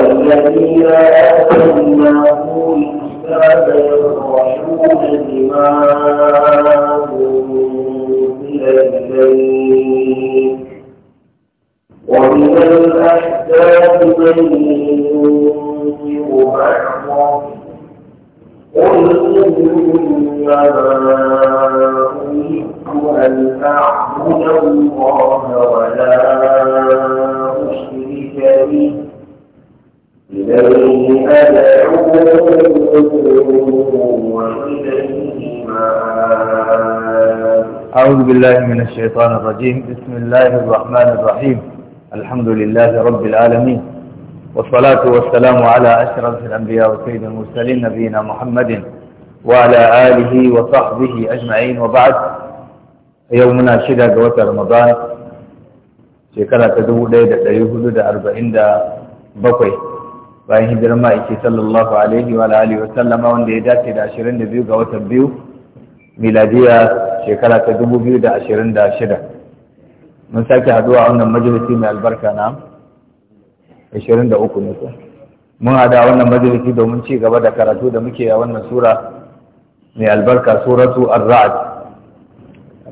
والذين آتيناهم الكتاب يفرحون بما أنزل إليك ومن الأحزاب من ينكر بعضه قل إنما أن أعبد الله ولا أشرك به أعوذ بالله من الشيطان الرجيم بسم الله الرحمن الرحيم الحمد لله رب العالمين والصلاة والسلام على أشرف الأنبياء وسيد المرسلين نبينا محمد وعلى آله وصحبه أجمعين وبعد يومنا شدة جوات رمضان شكرا تدو ليدة يهود أربعين دا بقي bayan hijirar ma'aiki sallallahu alaihi wa alihi wa sallama wanda ya dace da 22 ga watan biyu miladiya shekara ta 2026 mun sake haduwa a wannan majalisi mai albarka na 23 ne ko mun hada wannan majalisi domin ci gaba da karatu da muke a wannan sura mai albarka suratu ar-ra'd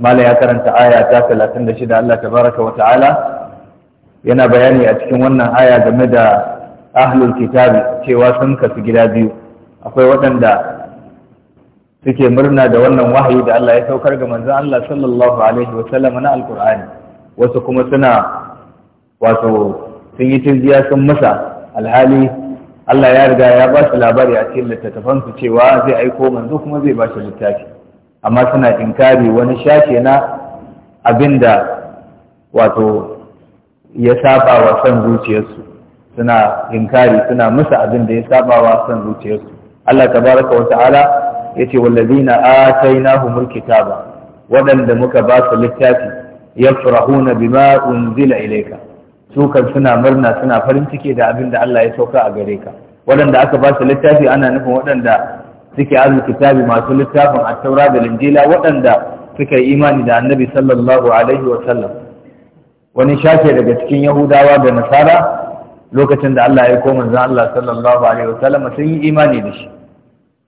mala ya karanta aya ta 36 Allah tabaraka wa ta'ala yana bayani a cikin wannan aya game da ahlul kitabi cewa sun kasu gida biyu akwai waɗanda suke murna da wannan wahayi da Allah ya saukar ga manzon Allah sallallahu alaihi wa sallam na alqur'ani wasu kuma suna wato sun yi tijiya sun masa alhali Allah ya riga ya ba su labari a cikin littattafan su cewa zai aiko manzo kuma zai ba shi littafi amma suna inkari wani shashe na abinda wato ya saba wa son zuciyarsu suna inkari suna musu abin da ya sabawa son zuciyarsu Allah tabaraka wa ta'ala yace wallazina atainahumul kitaba waɗanda muka ba su littafi yafrahuna bima unzila ilayka su kan suna murna suna farin ciki da abin da Allah ya sauka a gare ka waɗanda aka ba su littafi ana nufin waɗanda suke azu kitabi masu littafin at-taura da linjila waɗanda suka yi imani da annabi sallallahu alaihi wa sallam wani shafe daga cikin yahudawa da nasara lokacin da Allah ya ko zan Allah sallallahu alaihi wasallam sun yi imani da shi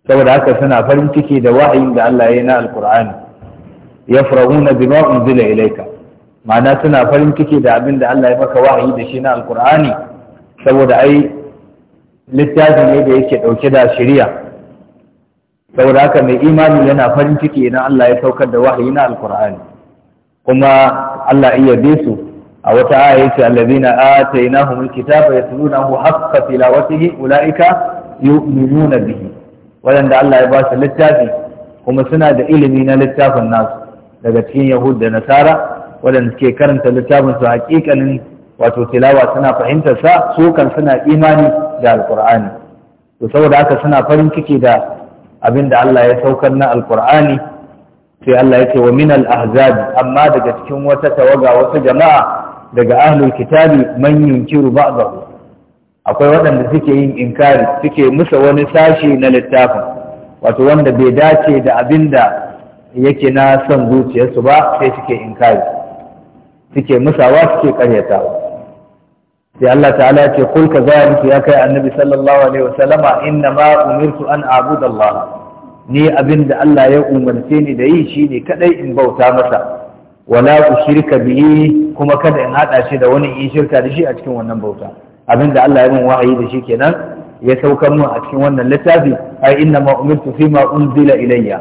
saboda haka suna farin ciki da wa'ayin da Allah ya yi na Ya yafrahuna bima unzila ilayka ma'ana suna farin ciki da abin da Allah ya maka wahayi da shi na alqur'ani saboda ai littafi ne da yake dauke da shari'a saboda haka mai imani yana farin ciki idan Allah ya saukar da wahayi na alkur'ani kuma Allah iya bi su a wata aya yace allazina atainahum alkitaba yatlunahu haqqa tilawatihi ulaika yu'minuna bihi wadanda Allah ya ba su littafi kuma suna da ilimi na littafin nasu daga cikin yahud da nasara wadanda suke karanta littafin su hakikanin wato tilawa suna fahimtar sa su kan suna imani da alqur'ani to saboda haka suna farin ciki da abinda Allah ya saukar na alqur'ani sai Allah yake wa min al amma daga cikin wata tawaga wata jama'a daga ahlul kitabi man yunkiru ba'dahu akwai waɗanda suke yin inkari suke musa wani sashi na littafin wato wanda bai dace da abinda yake na son zuciyarsu ba sai suke inkari suke musawa suke ƙaryata sai Allah ta'ala ce kul ka zalika ya kai annabi sallallahu alaihi wasallama inna ma umirtu an a'budallaha Allah ni abin da Allah ya umarce ni da yi shine kadai in bauta masa wala shirika bihi kuma kada in hada shi da wani in shirka da shi a cikin wannan bauta abinda Allah ya min wahayi da shi kenan ya saukar mun a cikin wannan littafi ai inna ma umirtu fi ma unzila ilayya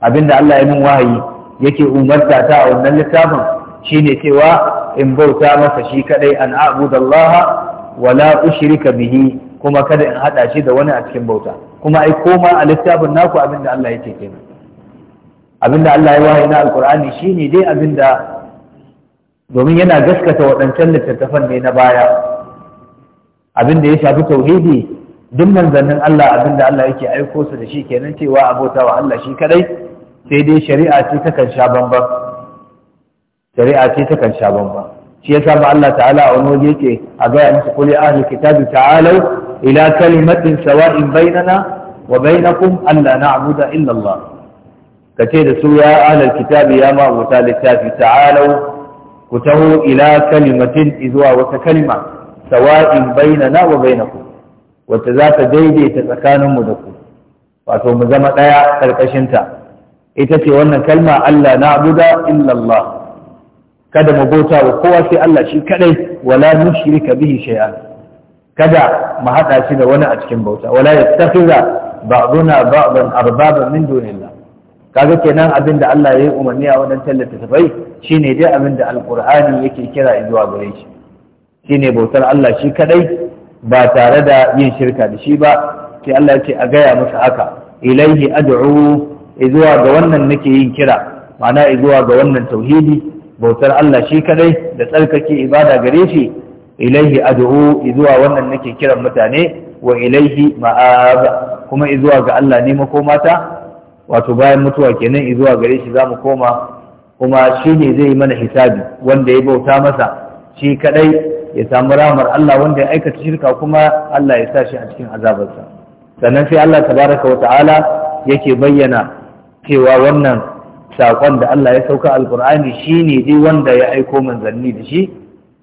abinda Allah ya min wahayi yake umarta ta a wannan littafin shine cewa in bauta masa shi kadai an a'budallaha wala ushrika bihi kuma kada in hada shi da wani a cikin bauta kuma ai koma a littafin naku abinda Allah yake kenan abinda Allah ya wahayi na alkur'ani shine dai abinda domin yana gaskata waɗancan littattafan ne na baya abinda ya shafi tauhidi duk manzannin Allah abinda Allah yake aiko su da shi kenan cewa abota wa Allah shi kadai sai dai shari'a ce takan sha bamban shari'a ce takan sha bamban shi yasa ba Allah ta'ala a wani waje yake a gaya musu kuli ahli kitabi ta'alau ila kalimatin sawa'in bainana wa bainakum alla na'budu illa Allah ka ce da su ya ahlal kitabi ya ma abota littafi ta'alau ku taho ila kalimatin zuwa wata kalima sawa'in bainana wa bainakum Wata za ta daidaita tsakaninmu da ku wato mu zama ɗaya ƙarƙashinta ita ce wannan kalma Allah na abuda illallah kada mu bauta wa kowa sai Allah shi kadai wala nushrika bihi shay'a kada mu hada shi da wani a cikin bauta wala yattakhidha ba'duna ba'dan arbaban min dunillah kaga kenan abin da Allah ya yi umarni a wannan tallata tafai shine dai abin da alkur'ani yake kira zuwa gare shi shine bautar Allah shi kadai ba tare da yin shirka da shi ba sai Allah ya ce a gaya masa haka ilaihi ad'u zuwa ga wannan nake yin kira ma'ana zuwa ga wannan tauhidi bautar Allah shi kadai da tsarkake ibada gare shi ilaihi ad'u zuwa wannan nake kiran mutane wa ilaihi ma'aba kuma zuwa ga Allah ne makomata wato bayan mutuwa kenan zuwa gare shi za mu koma kuma shi ne zai yi mana hisabi wanda ya bauta masa shi kadai ya samu ramar Allah wanda ya aikata shirka kuma Allah ya sa shi a cikin azabarsa sannan sai Allah tabaraka wa ta'ala yake bayyana cewa wannan saƙon da Allah ya sauka Alƙur'ani shi ne dai wanda ya aiko manzanni da shi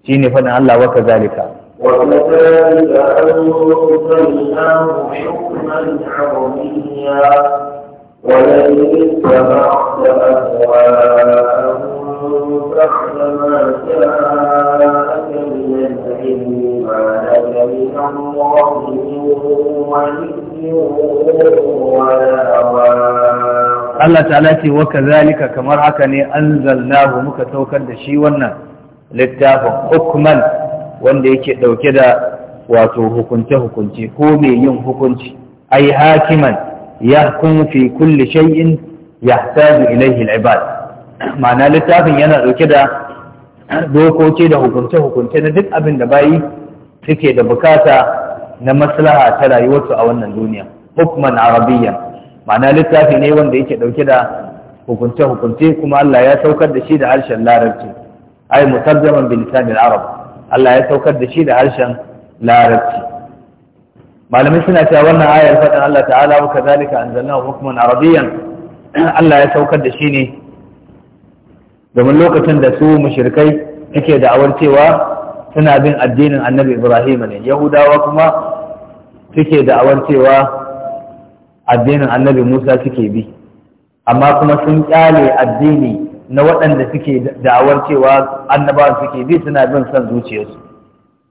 shine faɗin Allah wa kazalika وكذلك أنزلناه حكما ولئن اتبعت أهواءهم بعد ما جاءك من العلم ما لك من الله ولي ولا Allah ta'ala ce wa kazalika kamar haka ne anzalnahu muka saukar da shi wannan littafin hukman wanda yake dauke da wato hukunce hukunci ko mai yin hukunci ai hakiman يحكم في كل شيء يحتاج إليه العباد معنى littafin yana ɗauke da dokoki da hukunce-hukunce na duk abin da bayi suke da bukata na maslaha ta rayuwarsu a wannan duniya hukman arabiyyan mana littafi ne wanda yake ɗauke da hukunce-hukunce kuma Allah ya saukar da shi da harshen larabci ai mutarjaman bilisanil arab Allah ya saukar da shi da harshen larabci malamai suna cewa wannan ayar faɗin Allah ta'ala wa kazalika anzalnahu hukman arabiyan Allah ya saukar da shi ne domin lokacin da su mushrikai suke da'awar cewa suna bin addinin annabi Ibrahim ne Yahudawa kuma suke da'awar cewa addinin annabi Musa suke bi amma kuma sun kyale addini na waɗanda suke da'awar cewa annabawan suke bi suna bin son zuciyarsu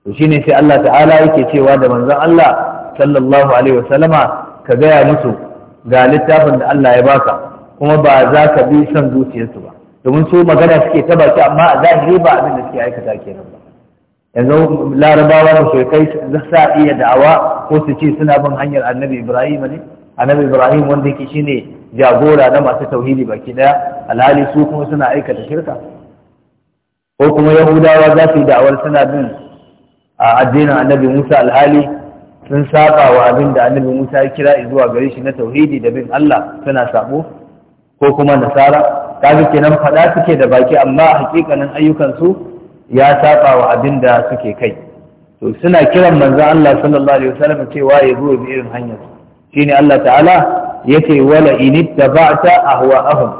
to shine sai Allah ta'ala yake cewa da manzon Allah sallallahu alaihi wasallama ka gaya musu ga littafin da Allah ya baka kuma ba za ka bi son zuciyarsu ba domin su magana suke ta baki amma a zahiri ba abin da suke aikata kenan ba yanzu larabawa mushrikai sa iya da'awa ko su ce suna bin hanyar annabi ibrahim ne annabi ibrahim wanda yake shine jagora na masu tauhidi baki daya alhali su kuma suna aikata shirka ko kuma yahudawa za su yi da'awar suna bin addinin annabi musa alhali sun saba wa abin da annabi Musa ya kira zuwa gare shi na tauhidi da bin Allah suna sabo ko kuma nasara kaga kenan fada suke da baki amma hakikanin ayyukan su ya saba wa abin da suke kai to suna kiran manzon Allah sallallahu alaihi wasallam cewa ya zo bi irin hanyar shine Allah ta'ala yace wala inittaba'ta ahwa'ahum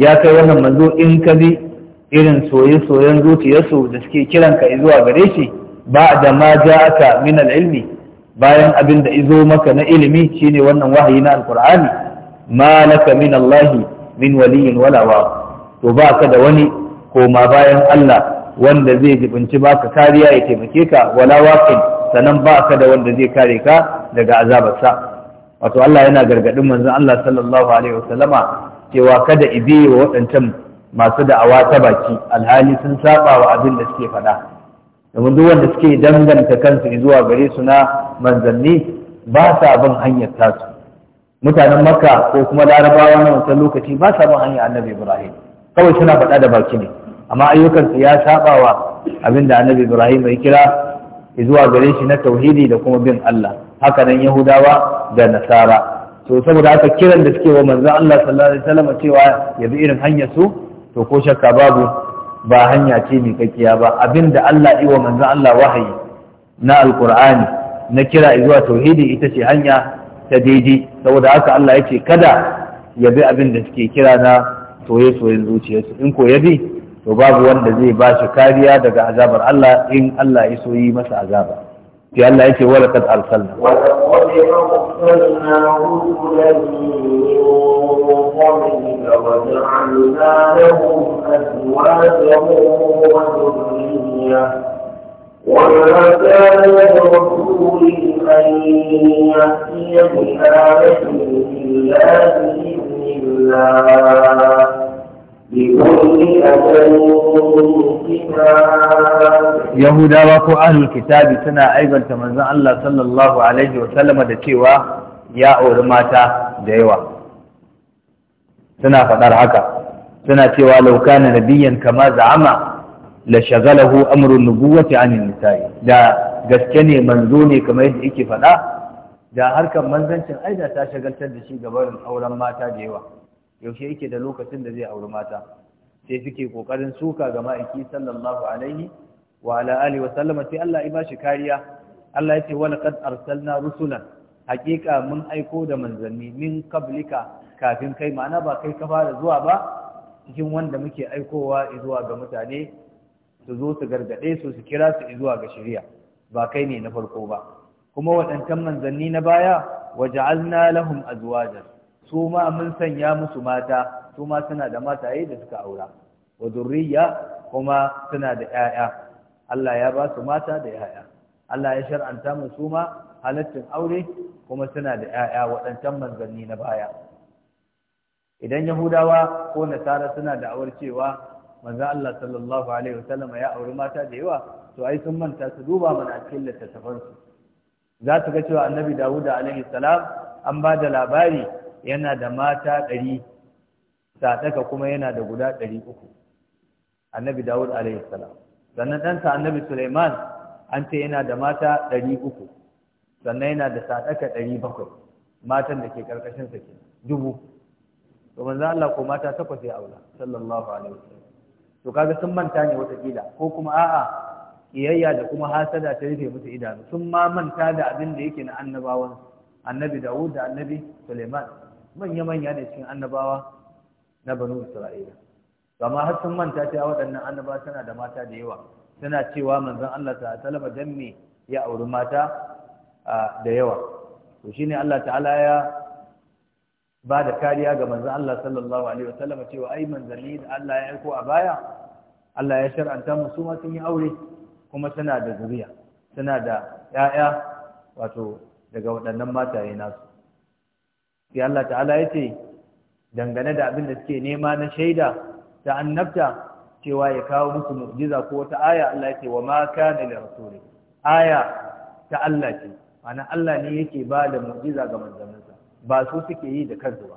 ya kai wannan manzo in ka bi irin soye-soyen zuciyarsu da suke kiranka zuwa gare shi ba da ma ja'aka min al-ilmi bayan abin da izo maka na ilimi shine wannan wahayi na Alkur'ani, ma laka min Allah min waliyin wala wa to ba ka da wani koma bayan Allah wanda zai jibinci baka kariya ya taimake ka wala waqin sanan ba ka da wanda zai kare ka daga azabarsa wato Allah yana gargadin manzon Allah sallallahu alaihi wasallama cewa kada ibi wa waɗancan masu da'awa ta baki alhali sun saba wa abin da suke faɗa domin duk wanda suke danganta kansu zuwa gare su na manzanni ba sa bin hanyar tasu mutanen makka ko kuma larabawa na wancan lokaci ba sa bin hanyar annabi ibrahim kawai suna faɗa da baki ne amma ayyukansu ya sabawa abinda annabi ibrahim ya kira zuwa gare shi na tauhidi da kuma bin allah haka nan yahudawa da nasara to saboda haka kiran da suke wa manzan allah sallallahu alaihi wasallam cewa ya bi irin hanyar su to ko shakka babu ba hanya ce mai kakkiya ba Abin da Allah yi wa manzon Allah wahayi na alkur'ani na kira zuwa tauhidi ita ce hanya ta daidai saboda haka Allah ya ce kada ya bi abin da suke kira na soye-soyen zuciyarsu in ko ya bi to babu wanda zai ba shi kariya daga azabar Allah in Allah ya yi masa azaba sai Allah yake wala kad arsalna وما كان لرسول أن يأتي بآية إلا بإذن الله Yahudawa ko ahlul kitabi suna aibanta manzon Allah sallallahu alaihi wa sallama da cewa ya auri mata da yawa suna faɗar haka suna cewa lauka na nabiyan kama za'ama la shagalahu amrun nubuwati anin nisa'i da gaske ne manzo ne kamar yadda yake faɗa da harkar manzancin aida ta shagaltar da shi gabarin auren mata da yawa yaushe yake da lokacin da zai auri mata sai suke kokarin suka ga ma'aiki sallallahu alaihi wa ala alihi wa sallama sai Allah ya bashi kariya Allah ya ce wa laqad arsalna rusulan hakika mun aiko da manzanni min qablika kafin kai ma'ana ba kai ka fara zuwa ba cikin wanda muke aikowa zuwa ga mutane su zo su gargade su su kira su zuwa ga shari'a ba kai ne na farko ba kuma waɗancan manzanni na baya waja'alna lahum azwajan su ma mun sanya musu mata su ma suna da mataye da suka aura wa zurriya kuma suna da 'ya'ya Allah ya ba su mata da 'ya'ya Allah ya shar'anta musu ma halaccin aure kuma suna da 'ya'ya waɗancan manzanni na baya idan yahudawa ko nasara suna da awar cewa manzo Allah sallallahu alaihi wasallam ya auri mata da yawa to ai sun manta su duba mana a cikin za su ga cewa annabi Dawud alaihi salam an ba da labari yana da mata ɗari sadaka kuma yana da guda ɗari uku annabi dawud alaihi salam sannan ɗansa annabi suleiman an ce yana da mata ɗari uku sannan yana da sadaka ɗari bakwai matan da ke ƙarƙashin sa ke dubu to manzo Allah ko mata takwas ya aula sallallahu alaihi wasallam to kaga sun manta ne watakila ko kuma a'a kiyayya da kuma hasada ta rufe musu idanu sun ma manta da abin da yake na annabawan annabi Dawud da annabi Suleiman manya-manya ne cikin annabawa na banu isra'ila Gama har sun manta cewa waɗannan annaba suna da mata da yawa suna cewa manzon Allah ta salama dan ya auri mata da yawa to shine Allah ta'ala ya ba da kariya ga manzon Allah sallallahu alaihi wasallam cewa ai manzanni da Allah ya aiko a baya Allah ya shar'anta mu su ma sun yi aure kuma suna da zuriya suna da ƴaƴa wato daga waɗannan mataye nasu sai Allah ta'ala ya ce dangane da abin da suke nema na shaida ta annabta cewa ya kawo musu mu'jiza ko wata aya Allah ya ce wa ma kana li rasuli aya ta Allah ce ana Allah ne yake ba da mu'jiza ga manzanninsa ba su suke yi da kansu ba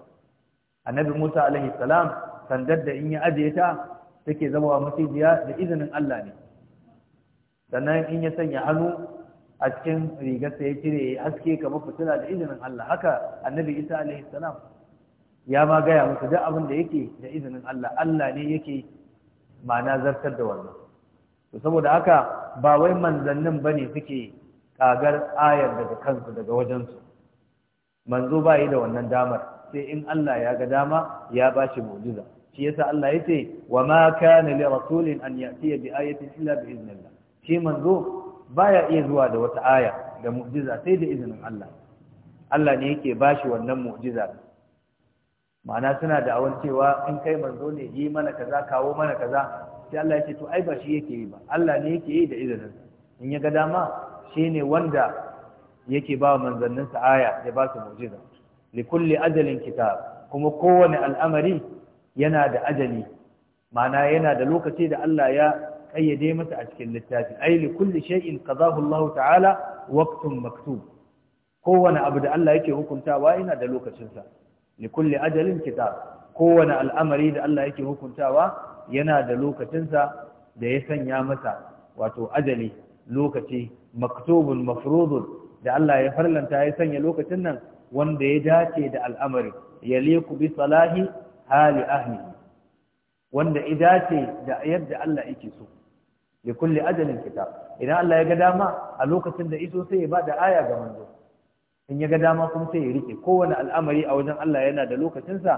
annabi Musa alaihi salam sandar da in ya ajiye ta take zama wa da izinin Allah ne sannan in ya sanya hannu a cikin rigarsa ya cire ya haske kamar fitila da izinin Allah haka annabi Isa alaihi salam ya ma gaya musu duk abin da yake da izinin Allah Allah ne yake ma'ana zartar da wannan to saboda haka ba wai manzannin bane suke kagar ayar daga kansu daga wajensu manzo ba yi da wannan damar sai in Allah ya ga dama ya ba shi mu'jiza shi yasa Allah ya ce wa ma kana li rasulin an ya'tiya bi ayatin illa bi iznillah shi manzo baya iya zuwa da wata aya da mu'jiza sai da izinin Allah Allah ne yake bashi wannan mu'jiza ma'ana suna da awan cewa in kai manzo ne yi mana kaza kawo mana kaza sai Allah ya ce to ai ba shi yake yi ba Allah ne yake yi da izinin in ya ga dama shine wanda yake ba manzanninsa aya ya ba su mu'jiza li kulli ajalin kitab kuma kowane al'amari yana da ajali ma'ana yana da lokaci da Allah ya kayyade masa a cikin littafi ai li kulli shay'in qadahu Allah ta'ala waqtun maktub kowane abu da Allah yake hukuntawa yana da lokacin sa li kulli ajalin kitab kowane al'amari da Allah yake hukuntawa yana da lokacin sa da ya sanya masa wato ajali lokaci maktubun mafrudun da Allah ya farlanta ya sanya lokacin nan wanda ya dace da al'amari yaliku bi salahi hali ahli wanda idace da yadda Allah yake so da kulli ajalin kitab idan Allah ya ga dama a lokacin da iso sai ya ba da aya ga manzo in ya ga dama kuma sai ya rike kowane al'amari a wajen Allah yana da lokacinsa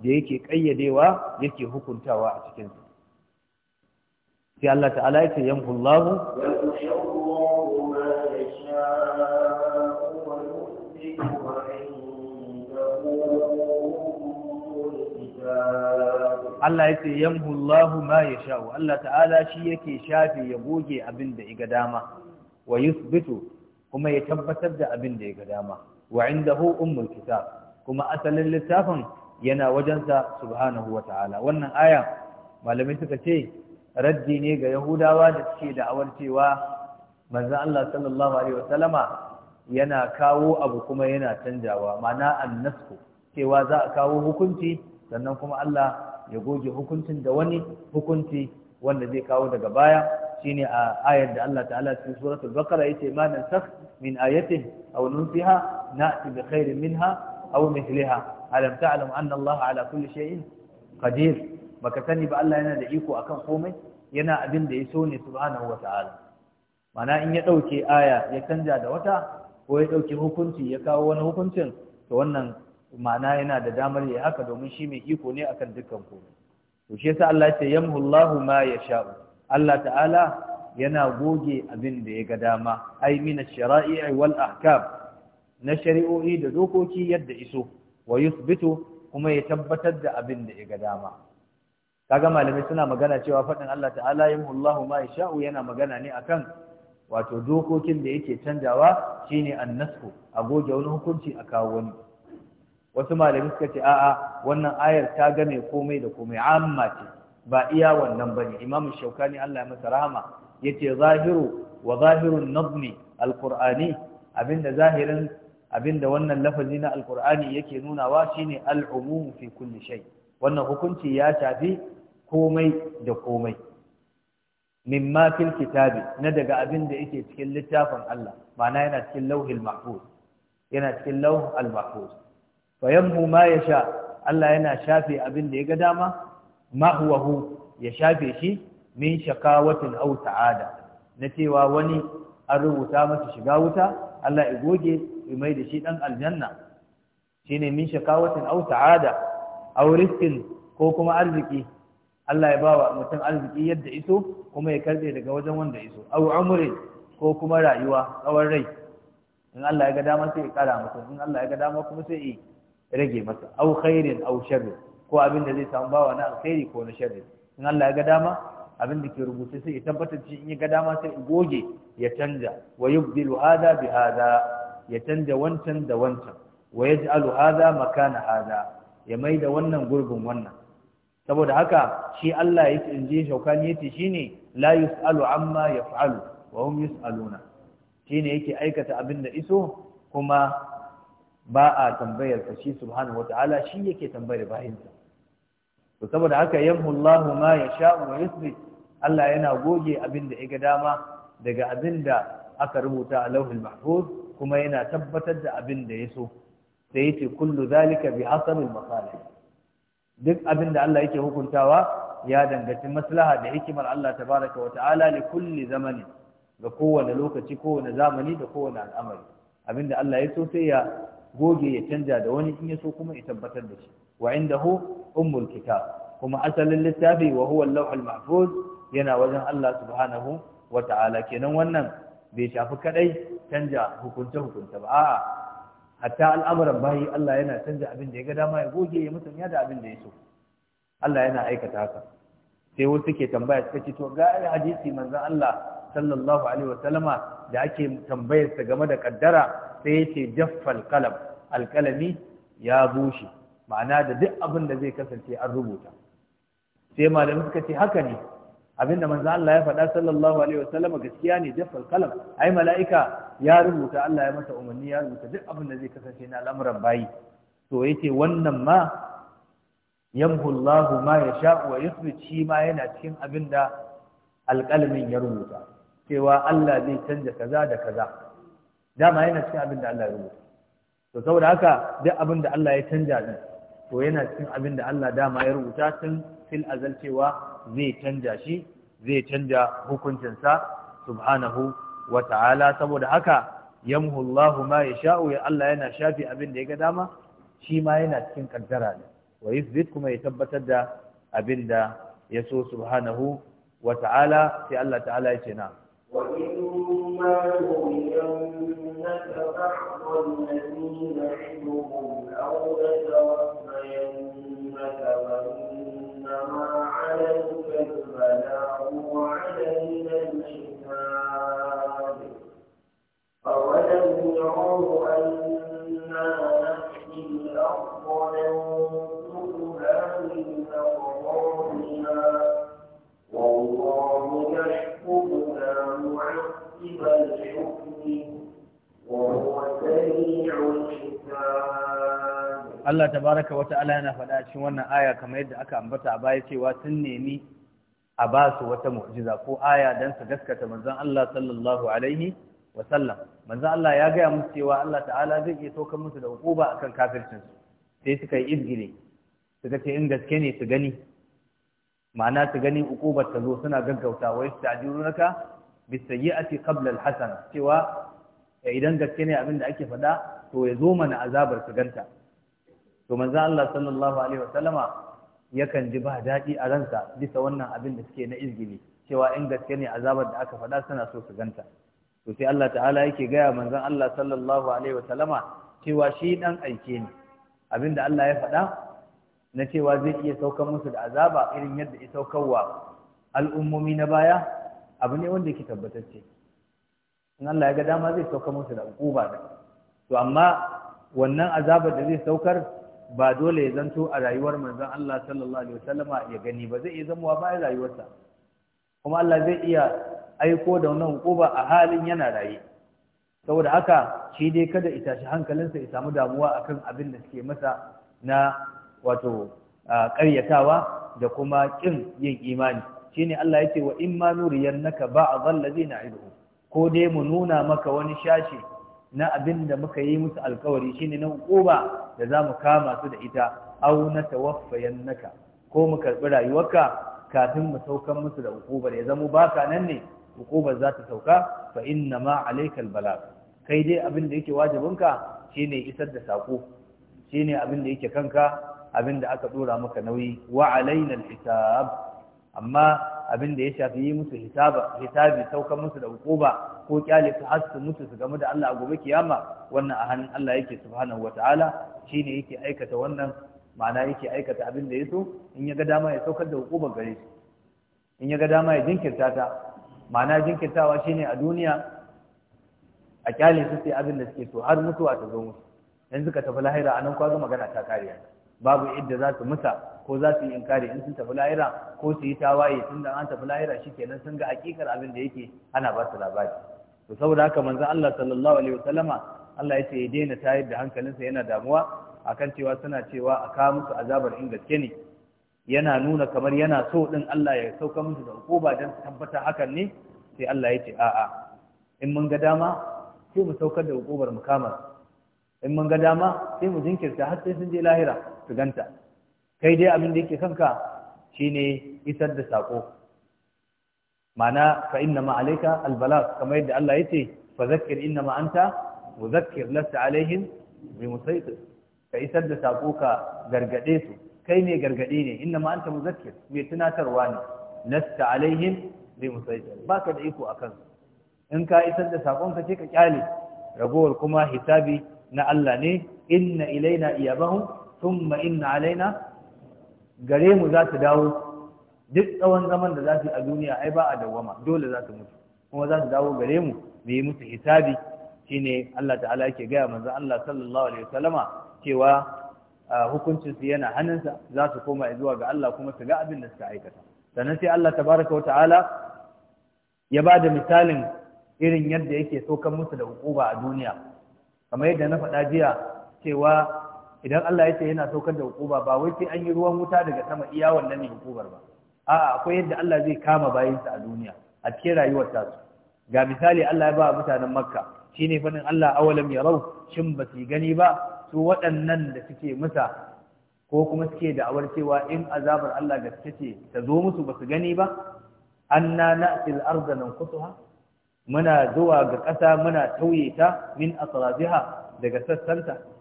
da yake kayyadewa yake hukuntawa a cikin sai Allah ta'ala ya ce yamhullahu Allah ya ce yamhullahu ma sha'u. Allah ta'ala shi yake shafe ya goge abin da dama wa yusubitu kuma ya tabbatar da abin da ya dama wa indahu ummul kuma asalin littafin yana wajensa subhanahu wa ta'ala wannan aya malamai suka ce raddi ne ga yahudawa da suke da'awar cewa manzon Allah sallallahu alaihi wasallama yana kawo abu kuma yana canjawa ma'ana annasku cewa za a kawo hukunci sannan kuma Allah ya goge hukuncin da wani hukunci wanda zai kawo daga baya shine a ayar da Allah ta'ala cikin suratul baqara yace ma nansakh min ayatin aw nunsiha na'ti bi khairin minha aw mithliha alam ta'lam anna Allah ala kulli shay'in qadir baka sani ba Allah yana da iko akan komai yana abin da ya so ne subhanahu ta'ala. mana in ya dauke aya ya canja da wata ko ya dauke hukunci ya kawo wani hukuncin to wannan ma'ana yana da damar yayi haka domin shi mai iko ne akan dukkan komai to shi yasa Allah ya ma Allah ta'ala yana goge abin da ya ga dama ai min ash-shara'i wal ahkam na shari'o'i da dokoki yadda iso wa yuthbitu kuma ya tabbatar da abin da ya ga dama kaga malamai suna magana cewa faɗin Allah ta'ala yamhullahu ma sha'u yana magana ne akan wato dokokin da yake canjawa shine an-nasku a goge wani hukunci a kawo wani wasu malami suka ce a'a wannan ayar ta game komai da komai amma ce ba iya wannan bane imamu shaukani Allah ya masa rahama yace zahiru wa zahirun nazmi alqur'ani abinda zahirin abinda wannan lafazi na alqur'ani yake nunawa shine al'umum fi kulli shay wannan hukunci ya shafi komai da komai mimma fil kitabi na daga abinda da yake cikin littafin Allah ma'ana yana cikin lauhil mahfuz yana cikin lauh al mahfuz fayamhu ma yasha Allah yana shafe abin da ya ga dama ma hu ya shafe shi min shakawatin aw ta'ada na cewa wani an rubuta masa shiga wuta Allah ya goge ya mai da shi dan aljanna shine min shakawatin aw ta'ada aw rizqin ko kuma arziki Allah ya bawa mutum arziki yadda iso kuma ya karbe daga wajen wanda iso aw umri ko kuma rayuwa tsawon rai in Allah ya ga dama sai ya kara mutum in Allah ya ga dama kuma sai ya rage masa au khairin au sharri ko abin da zai samu bawa na alkhairi ko na sharri in Allah ya ga dama abin da ke rubuce sai ya tabbatar shi in ya ga dama sai goge ya canja wa yubdilu hada bi hada ya canja wancan da wancan wa yaj'alu hada makana hada ya maida wannan gurbin wannan saboda haka shi Allah yake inji shaukani yace shine la yusalu amma yaf'alu wa hum yusaluna shine yake aikata abin da iso kuma ba a tambayar sa shi subhanahu wata'ala shi yake tambayar bayinsa to saboda haka yamhullahu ma yasha'u wa yusbit Allah yana goge abin da ga dama daga abin da aka rubuta a lauhul mahfuz kuma yana tabbatar da abin da ya so sai yace kullu zalika bi hasabil masalih duk abin da Allah yake hukuntawa ya danganci maslaha da hikimar Allah tabaraka wa ta'ala li kulli zamani ga kowane lokaci kowane zamani da kowane al'amari abinda Allah ya so sai ya goge ya canja da wani in ya so kuma ya tabbatar da shi wa indahu ummul kitab kuma asalin littafi wa huwa al-lawhul mahfuz yana wajen Allah subhanahu wa ta'ala kenan wannan bai shafi kadai canja hukunta-hukunta ba a'a hatta al'amuran bayi Allah yana canja abin da ya ga dama ya goge ya musanya da abin da ya so Allah yana aikata haka sai wasu ke tambaya suka ce to ga hadisi manzon Allah sallallahu alaihi wa sallama da ake tambayar sa game da kaddara sai ya daffal jaffal kalam alkalami ya bushe ma'ana da duk abin da zai kasance an rubuta sai malamai suka ce haka ne abinda manzo Allah ya faɗa sallallahu alaihi wasallam gaskiya ne jaffal kalam ai mala'ika ya rubuta Allah ya masa umarni ya rubuta duk abin da zai kasance na al'amuran bayi to yace wannan ma yamhu Allah ma yasha wa yuthbit shi ma yana cikin abinda alƙalamin ya rubuta cewa Allah zai canja kaza da kaza dama yana cikin abin da Allah ya rubuta to saboda haka duk abin da Allah ya canja din to yana cikin abin da Allah dama ya rubuta tun fil azal cewa zai canja shi zai canja hukuncinsa subhanahu wa ta'ala saboda haka yamhu Allah ma yasha'u ya Allah yana shafi abin da ya ga dama shi ma yana cikin kaddara ne wa yuthbit kuma ya tabbatar da abin da ya so subhanahu wa ta'ala sai Allah ta'ala ya ce na wa in ma الذين Allah tabaraka wa ala yana faɗa cikin wannan aya kamar yadda aka ambata a baya cewa sun nemi a ba su wata mu'jiza ko aya dan su gaskata manzon Allah sallallahu alaihi wa sallam manzon Allah ya gaya musu cewa Allah ta'ala zai iya saukar musu da hukuma akan kafircin su sai suka yi izgile suka ce in gaske ne su gani ma'ana su gani hukumar ta zo suna gaggauta wai su ta'jirunaka bisayyi'ati qabla al-hasana cewa eh, idan gaske ne abin da ake faɗa to ya zo mana azabar su ganta to manzo Allah sallallahu alaihi yakan ji ba daɗi a ransa bisa wannan abin da suke na izgili cewa in gaske ne azabar da aka faɗa suna so su ganta to sai Allah ta'ala yake gaya manzon Allah sallallahu alaihi cewa shi dan aike ne abin da Allah ya faɗa na cewa zai iya saukar musu da azaba irin yadda ya saukarwa al'ummomi na baya abu ne wanda yake tabbatacce in Allah ya ga dama zai saukar musu da uquba da to amma wannan azabar da zai saukar ba dole ya zanto a rayuwar manzon Allah sallallahu alaihi wasallama ya gani ba zai iya wa bayan rayuwarsa kuma Allah zai iya aiko da wannan hukuba a halin yana raye saboda haka shi dai kada ita shi hankalinsa ya samu damuwa akan abin da suke masa na wato ƙaryatawa da kuma kin yin imani shine Allah yake wa in ma nuriyannaka ba'd allazina na'iduhu ko dai mu nuna maka wani shashi na abin da muka yi musu alkawari shine na hukuba da za mu kama su da ita au na tawaffayan naka ko mu karɓi rayuwarka kafin mu saukan musu da hukubar ya zamo ka nan ne hukubar za ta sauka fa inna ma alaikal bala. kai dai abin da yake wajibinka shine isar da sako shine abin da yake kanka abin da aka dora maka nauyi wa alaina alhisab amma abin da ya shafi yi musu hisabi saukan musu da hukuma ko kyale su hasu musu mutu su game da Allah a gobe kiyama wannan a hannun Allah yake subhanahu wataala shine yake aikata wannan ma'ana yake aikata abin da ya so in ya ga dama ya saukar da hukumar gare shi in ya ga dama ya jinkirta ta ma'ana jinkirtawa shine a duniya a kyale su sai abin da suke so har mutuwa ta zo musu yanzu ka tafi lahira nan kwazo magana ta kariya babu idda za su musa. ko za su yi inkari in sun tafi lahira ko su yi tawaye tun da an tafi lahira shikenan sun ga hakikar abin da yake ana ba su labari to saboda haka manzon Allah sallallahu alaihi wasallama Allah ya ce ya daina tayar da hankalinsa yana damuwa akan cewa suna cewa a kawo musu azabar in gaske ne yana nuna kamar yana so din Allah ya sauka musu da hukuma don tabbata hakan ne sai Allah ya ce a'a in mun ga dama sai mu saukar da hukumar mukamar. in mun ga dama sai mu jinkirta har sai sun je lahira su ganta kai dai abin da yake kanka shine isar da sako mana fa inna ma alayka albalagh kamar yadda Allah yace fa zakkir inna ma anta muzakkir lasta alaihim bi musaytir ka isar da sako ka gargade su kai ne gargade ne inna ma anta muzakkir Me tunatarwa ne lasta alaihim bi musaytir baka da iko akan in ka isar da sakon ka ce ka kyale ragowar kuma hisabi na Allah ne inna ilaina iyabahum thumma inna alaina gare mu za ta dawo duk tsawon zaman da za su yi a duniya ai ba a dawwama dole za su mutu kuma za su dawo gare mu mu yi musu hisabi shine Allah ta'ala yake gaya manzo Allah sallallahu alaihi wasallama cewa hukuncin yana hannunsa za su koma zuwa ga Allah kuma su ga abin da suka aikata sannan sai Allah tabaraka Ta'ala ya ba da misalin irin yadda yake sokan musu da hukuba a duniya kamar yadda na faɗa jiya cewa idan Allah ya ce yana saukar da hukuma ba wai sai an yi ruwan wuta daga sama iya wannan ne hukumar ba a'a akwai yadda Allah zai kama bayansa a duniya a cikin rayuwar tasu ga misali Allah ya ba mutanen Makka shine fannin Allah awalam yarau shin ba su gani ba su waɗannan da suke musa ko kuma suke da'awar cewa in azabar Allah gaske ce ta zo musu ba su gani ba anna na'til arda nanqusuha muna zuwa ga ƙasa muna tauye ta min asrabiha daga sassanta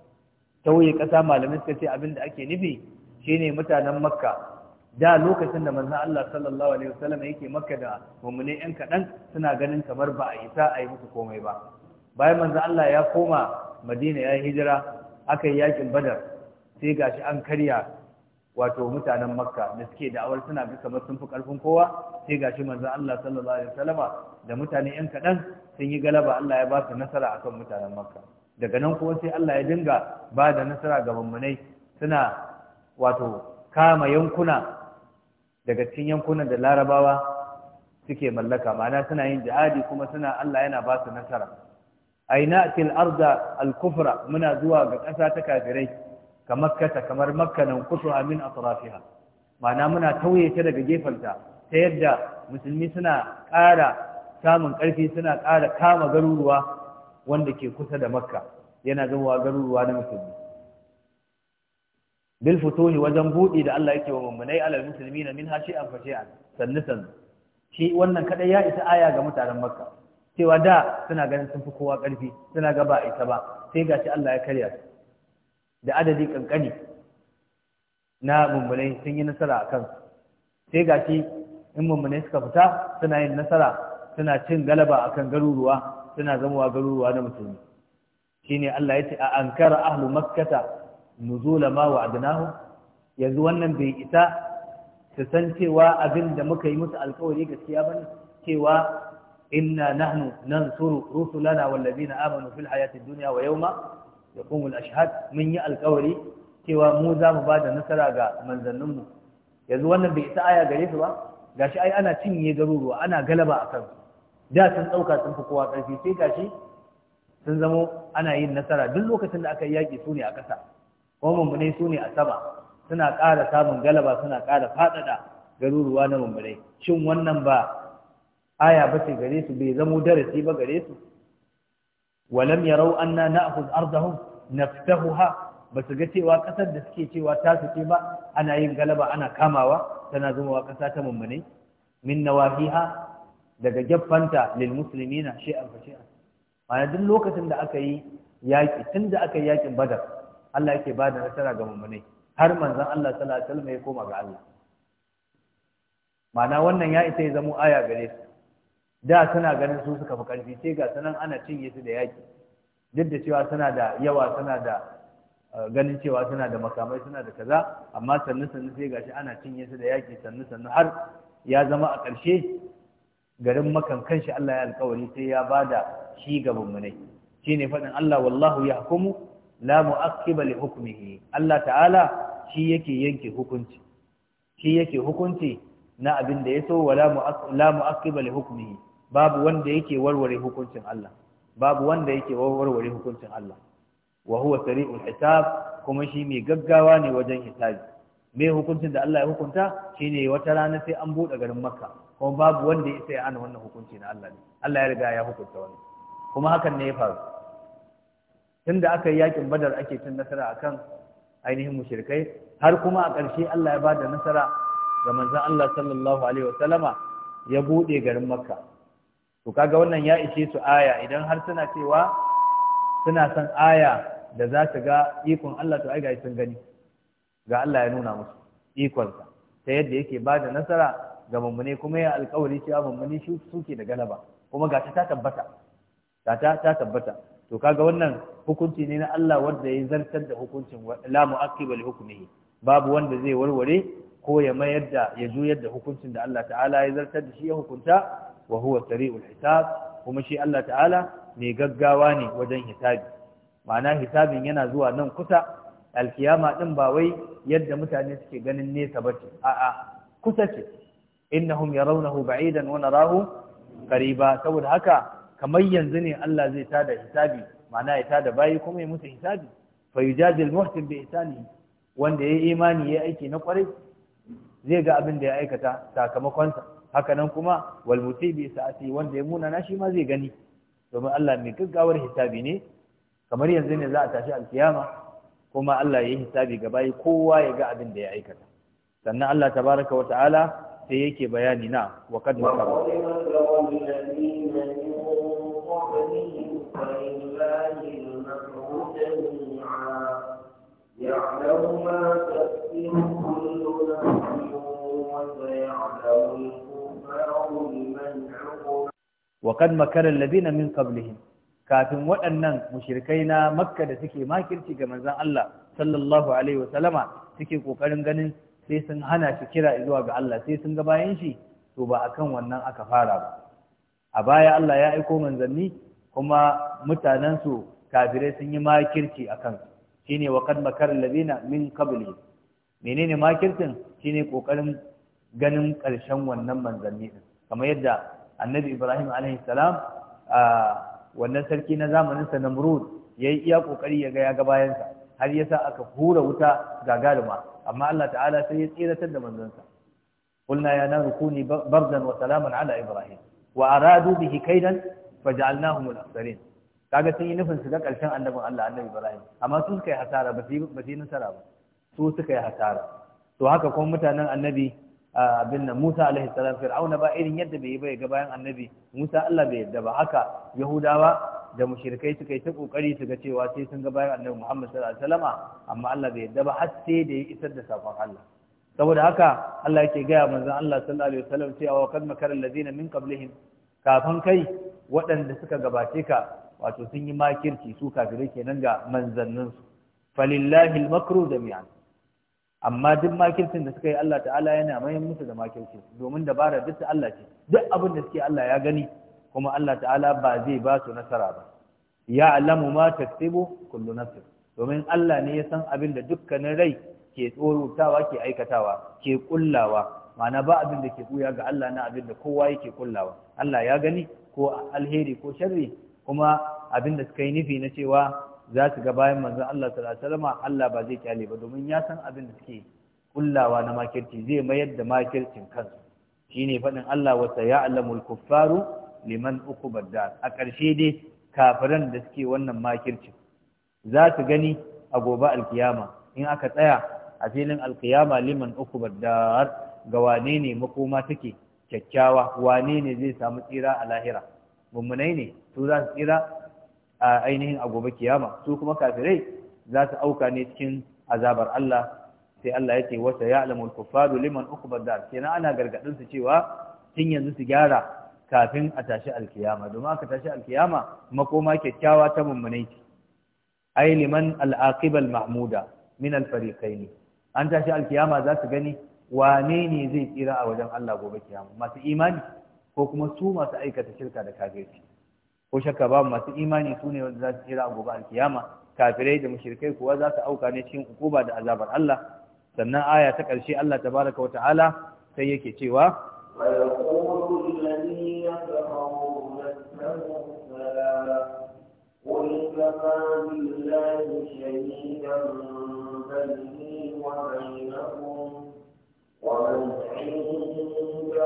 tauye ƙasa malamai suka ce abin da ake nufi shine mutanen makka da lokacin da manzon Allah sallallahu alaihi wasallam yake makka da mummune yan kaɗan suna ganin kamar ba a isa a yi musu komai ba bayan manzon Allah ya koma madina ya hijira aka yi yakin badar sai gashi an karya wato mutanen makka da suke da'awar suna bi kamar sun fi karfin kowa sai gashi manzon Allah sallallahu alaihi wasallama da mutane yan kaɗan sun yi galaba Allah ya ba su nasara akan mutanen makka daga nan kuma sai Allah ya dinga ba da nasara ga mummunai suna wato kama yankuna daga cikin yankunan da larabawa suke mallaka ma'ana suna yin jihadi kuma suna Allah yana ba su nasara aina til arda al kufra muna zuwa ga ƙasa ta kafirai kamar kata kamar makka nan kutuha min atrafiha ma'ana muna tauye ta daga gefanta ta yadda musulmi suna ƙara samun ƙarfi suna ƙara kama garuruwa wanda ke kusa da makka yana zama garuruwa na musulmi bil futuhi wajen buɗe da Allah yake wa mummunai alal muslimina min hashi an fashe an sannu sannu shi wannan kadai ya isa aya ga mutanen makka cewa da suna ganin sun fi kowa karfi suna ga ba isa ba sai gashi Allah ya karya su da adadi kankani na mummunai sun yi nasara a kansu sai gashi in mummunai suka fita suna yin nasara suna cin galaba akan garuruwa suna zamowa garuruwa na musulmi shine Allah ya ce a ankara ahlu makkata nuzula ma wa'adnahu yanzu wannan bai isa su san cewa abin da muka yi musu alkawari gaskiya bane cewa inna nahnu nansuru rusulana wallazina amanu fil hayati dunya wa yawma yaqumu al ashhad mun yi alkawari cewa mu za mu bada nasara ga manzanninmu yanzu wannan bai isa aya gare su ba gashi ai ana cinye garuruwa ana galaba akan su da sun ɗauka sun fi kowa ƙarfi sai gashi sun zamo ana yin nasara duk lokacin da aka yi yaƙi su ne a ƙasa kuma mummune su ne a sama suna ƙara samun galaba suna ƙara faɗaɗa garuruwa na mummune shin wannan ba aya ba ce gare su bai zamo darasi ba gare su walam yarau anna na ardahum naftahuha ba su ga cewa ƙasar da suke cewa ta su ce ba ana yin galaba ana kamawa tana zumawa ƙasa ta mummune min nawahiha daga jaffanta lil muslimina shay'an fa shay'an Mana duk lokacin da aka yi yaki tun da aka yi yakin badar Allah yake da nasara ga mummunai har manzon Allah sallallahu alaihi wasallam ya koma ga Allah Mana wannan ya isa ya zamo aya gare su da suna ganin su suka fi karfi sai ga sanan ana cinye su da yaki duk da cewa suna da yawa suna da eh, ganin cewa suna da makamai suna da kaza amma sannu sannu sai gashi ana cinye su da yaki sannu sannu har ya zama a ƙarshe garin makan kanshi Allah ya alkawari sai ya bada shi gaban ga mummunai shine fadin Allah wallahu yahkumu la mu'aqqiba li hukmihi Allah ta'ala shi yake yanke hukunci shi yake hukunci na abin da yaso wala la mu'aqqiba li hukmihi babu wanda yake warware hukuncin Allah babu wanda yake warware hukuncin Allah wa huwa sari'ul hisab kuma shi mai gaggawa ne wajen hisabi me hukuncin da Allah ya hukunta shine wata rana sai an bude garin Makka kuma babu wanda ya ana wannan hukunci na Allah ne Allah ya riga ya hukunta wannan kuma hakan ne ya faru tunda aka yi yakin badar ake cin nasara akan ainihin mushrikai har kuma a ƙarshe Allah ya bada nasara ga manzon Allah sallallahu alaihi sallama ya bude garin Makka to kaga wannan ya ishe su aya idan har suna cewa suna son aya da za su ga ikon Allah to ai ga sun gani ga Allah ya nuna musu ikonsa ta yadda yake ba da nasara ga mummune kuma ya alkawari cewa mummune shi suke da galaba kuma ga ta tabbata ga ta ta tabbata to kaga wannan hukunci ne na Allah wanda ya zartar da hukuncin la mu'aqqiba li hukmihi babu wanda zai warware ko ya mayar da ya juyar da hukuncin da Allah ta'ala ya zartar da shi ya hukunta wa huwa sari'ul hisab kuma shi Allah ta'ala ne gaggawa ne wajen hisabi ma'ana hisabin yana zuwa nan kusa alkiyama din ba wai yadda mutane suke ganin nesa bace a'a kusa ce innahum yarawnahu ba'idan wa narahu qariba saboda haka kamar yanzu ne Allah zai tada hisabi ma'ana ya tada bayi kuma ya musu hisabi fa yujadil muhsin bi ihsanihi wanda yayi imani yayi aiki na kwarai zai ga abin da ya aikata sakamakon sa haka nan kuma wal mutibi sa'ati wanda ya muna na shi ma zai gani domin Allah mai gaggawar hisabi ne kamar yanzu ne za a tashi alkiyama kuma Allah ya yi hisabi ga bayi kowa ya ga abin da ya aikata sannan Allah tabaraka wa ta'ala sai yake bayani na wa kad makara يعلم ما تكسب كل نفس وسيعلم kafin waɗannan mushirikai na makka da suke makirci ga manzon Allah sallallahu alaihi wasallama suke ƙoƙarin ganin sai sun hana shi kira zuwa ga Allah sai sun ga bayan shi to ba akan wannan aka fara ba a baya Allah ya aiko manzanni kuma mutanensu kafirai sun yi makirci akan shine wa kad makar ladina min qabli menene makircin shine kokarin ganin ƙarshen wannan manzanni din kamar yadda annabi Ibrahim alaihi salam wannan sarki na zamanin sa Namrud yayi iya kokari ya ga ya ga bayansa har yasa aka hura wuta gagaruma amma Allah ta'ala sai ya tsiratar da manzansa qulna ya naru kuni bardan wa salaman ala ibrahim wa aradu bihi kaidan faj'alnahum al-akhsarin kaga sun yi nufin su ga karshen annabin Allah annabi ibrahim amma sun suka hasara ba ba su nasara ba su suka yi hasara to haka kuma mutanen annabi abin nan Musa alaihi salam fir'auna ba irin yadda bai yi ba ga bayan annabi Musa Allah bai yadda ba haka yahudawa da mushirikai suka yi ta kokari su ga cewa sai sun ga bayan annabi Muhammad sallallahu alaihi amma Allah bai yarda ba har sai da ya isar da safan Allah saboda haka Allah yake gaya manzon Allah sallallahu alaihi wasallam cewa wa kad makara allazina min qablihim kafan kai waɗanda suka gabace ka wato sun yi makirci su kafirai kenan ga manzannin su falillahi almakru jami'an amma duk makircin da suka yi Allah ta'ala yana mayan musu da makirci domin dabara duk Allah ce duk abin da suke Allah ya gani kuma Allah ta'ala ba zai ba su nasara ba ya alamu ma taksibu kullu nafsin domin Allah ne ya san abin da dukkanin rai ke tsorutawa ke aikatawa ke kullawa ma'ana ba abin da ke buya ga Allah na abin da kowa yake kullawa Allah ya gani ko alheri ko sharri kuma abin da suka yi nufi na cewa za su ga bayan manzon Allah sallallahu alaihi wasallam Allah ba zai kyale ba domin ya san abin da suke kullawa na makirci zai mayar da makircin kansu shine faɗin Allah wa yalamul kuffaru liman uku baddar a ƙarshe dai kafiran da suke wannan makirci, za su gani a gobe alkiyama in aka tsaya a filin alkiyama liman uku baddar ga wane ne makoma take kyakkyawa wane ne zai samu tsira a lahira mummunai ne su za su tsira a ainihin a gobe kiyama su kuma kafirai za su auka ne cikin azabar Allah sai Allah ya ce wata ya'lamul kuffaru liman uku dar kenan ana gargadin su cewa tun yanzu su gyara kafin a tashi alkiyama domin aka tashi alkiyama makoma kyakkyawa ta mummunai ai liman al'aqibal mahmuda min al ne. an tashi alkiyama za su gani wane ne zai tsira a wajen Allah gobe kiyama masu imani ko kuma su masu aikata shirka da kafirci ko shakka masu imani su ne wanda za su tsira a gobe alkiyama kafirai da mushrikai kuwa za su auka ne cikin ukuba da azabar Allah sannan aya ta ƙarshe Allah tabaraka wata'ala sai yake cewa وكفى بالله شهيدا بيني وبينكم ومن عنده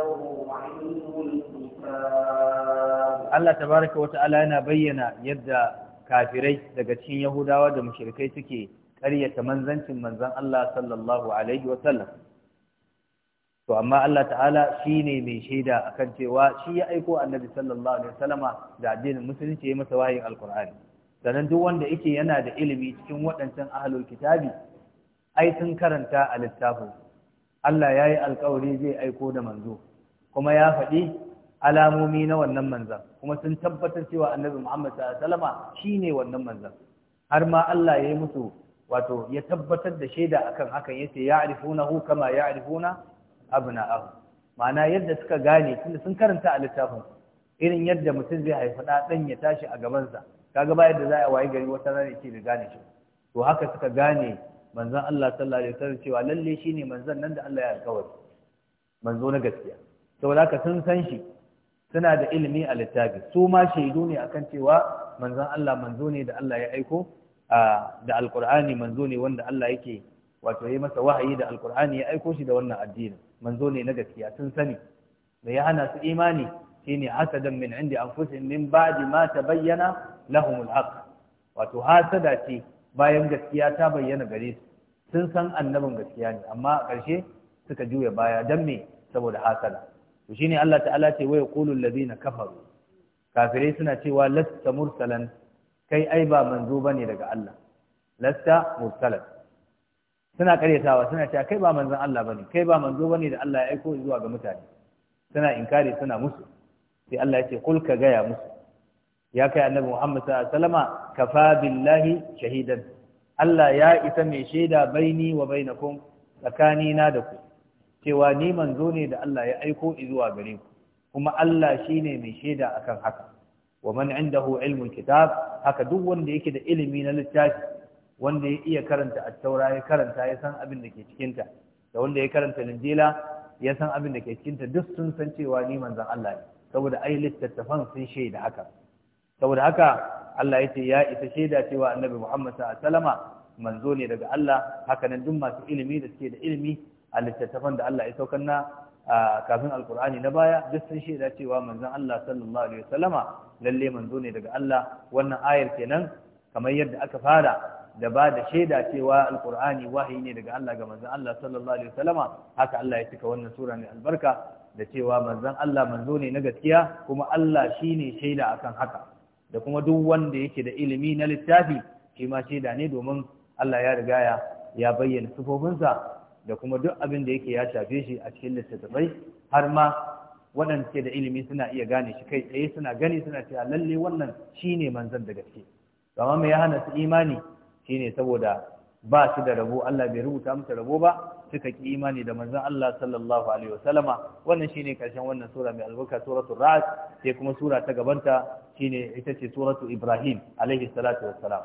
علم الكتاب الله تبارك وتعالى أنا بينا يبدأ kafirai daga cikin Yahudawa da mushrikai suke karyata manzancin manzan Allah sallallahu alaihi wa sallam" to amma Allah ta'ala shine mai shaida akan cewa shi ya aiko annabi sallallahu alaihi wa wasallama da addinin musulunci ya masa wahayin alqur'ani sannan duk wanda yake yana da ilimi cikin waɗancan ahlul kitabi ai sun karanta a littafin Allah ya yi alkawari zai aiko da manzo kuma ya faɗi alamomi na wannan manzan kuma sun tabbatar cewa annabi Muhammad sallallahu alaihi shine wannan manzan har ma Allah ya yi musu wato ya tabbatar da shaida akan hakan yace ya'rifunahu kama ya'rifuna abna'ahu ma'ana yadda suka gane tunda sun karanta a littafin irin yadda mutum zai haifi ɗan ya tashi a gabansa kaga ba yadda za a waye gari wata rana ce da gane shi to haka suka gane manzon Allah sallallahu alaihi wasallam cewa lalle shine manzon nan da Allah ya alƙawari manzo na gaskiya saboda haka sun san shi suna da ilimi a littafi su ma shaidu ne akan cewa manzon Allah manzo ne da Allah ya aiko da alqur'ani manzo ne wanda Allah yake wato yayi masa wahayi da alqur'ani ya aiko shi da wannan addini manzo ne na gaskiya sun sani da ya hana su imani shine hasadan min indi anfusihim min ba'di ma tabayyana lahum alhaq wato hasada ce bayan gaskiya ta bayyana gare su sun san annabin gaskiya ne amma a ƙarshe suka juya baya dan me saboda hasada to shine Allah ta'ala ce wa yaqulu alladhina kafaru kafirai suna cewa lasta mursalan kai ai ba manzo bane daga Allah lasta mursalan suna karyatawa suna cewa kai ba manzon Allah bane kai ba manzo bane da Allah ya aiko zuwa ga mutane suna inkari suna musu sai Allah ya ce kul ka gaya musu ya kai annabi Muhammad sallallahu alaihi wasallama kafa billahi shahidan Allah ya isa mai shaida baini wa bainakum tsakani na da ku cewa ni manzo ne da Allah ya aiko zuwa gare ku kuma Allah shine mai shaida akan haka wa man indahu ilmul kitab haka duk wanda yake da ilimi na littafi wanda ya iya karanta at-taura ya karanta ya san abin da ke cikin ta da wanda ya karanta linjila ya san abin da ke cikin ta duk sun san cewa ni manzon Allah ne saboda ai littattafan sun shaida haka saboda haka Allah ya ce ya isa shaida cewa annabi Muhammad sallallahu manzo ne daga Allah haka nan duk masu ilimi da suke da ilimi a littattafan da Allah ya saukar na kafin alkur'ani na baya duk sun shaida cewa manzon Allah sallallahu alaihi wasallama lalle manzo ne daga Allah wannan ayar kenan kamar yadda aka fara da ba da shaida cewa alkur'ani wahayi ne daga Allah ga manzon Allah sallallahu alaihi wasallama haka Allah ya cika wannan sura ne albarka da cewa manzon Allah manzo ne na gaskiya kuma Allah shine shaida akan haka da kuma duk wanda yake da ilimi na littafi shi ma shaida ne domin Allah ya rigaya ya bayyana sufofinsa. da kuma duk abin da yake ya shafe shi a cikin littattafai har ma waɗanda ke da ilimi suna iya gane shi kai tsaye suna gani suna cewa lalle wannan shine manzon da gaske amma mai ya hana su imani shine saboda ba su da rabo Allah bai rubuta musu rabo ba suka ki imani da manzon Allah sallallahu alaihi wasallama wannan shine karshen wannan sura mai albarka suratul ra'd sai kuma sura ta gabanta shine ita ce suratul ibrahim alaihi salatu wassalam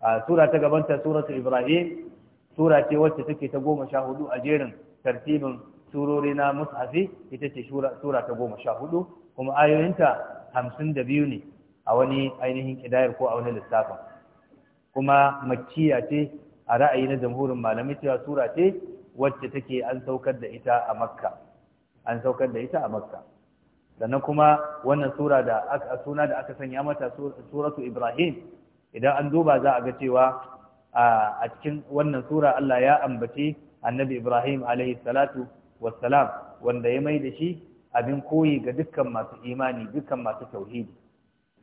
a sura ta gabanta suratul ibrahim sura ce wacce take ta goma sha hudu a jerin tartibin surori na mushafi ita ce sura ta goma sha hudu kuma ayoyinta hamsin da biyu ne a wani ainihin kidayar ko a wani lissafin kuma makkiya ce a ra'ayi na jamhurin malamai cewa sura ce wacce take an saukar da ita a makka an saukar da ita a makka sannan kuma wannan sura da aka suna da aka sanya mata suratu ibrahim idan an duba za a ga cewa a cikin wannan sura Allah ya ambace annabi ibrahim alaihi salatu wassalam wanda ya mai da shi abin koyi ga dukkan masu imani dukkan masu tauhidi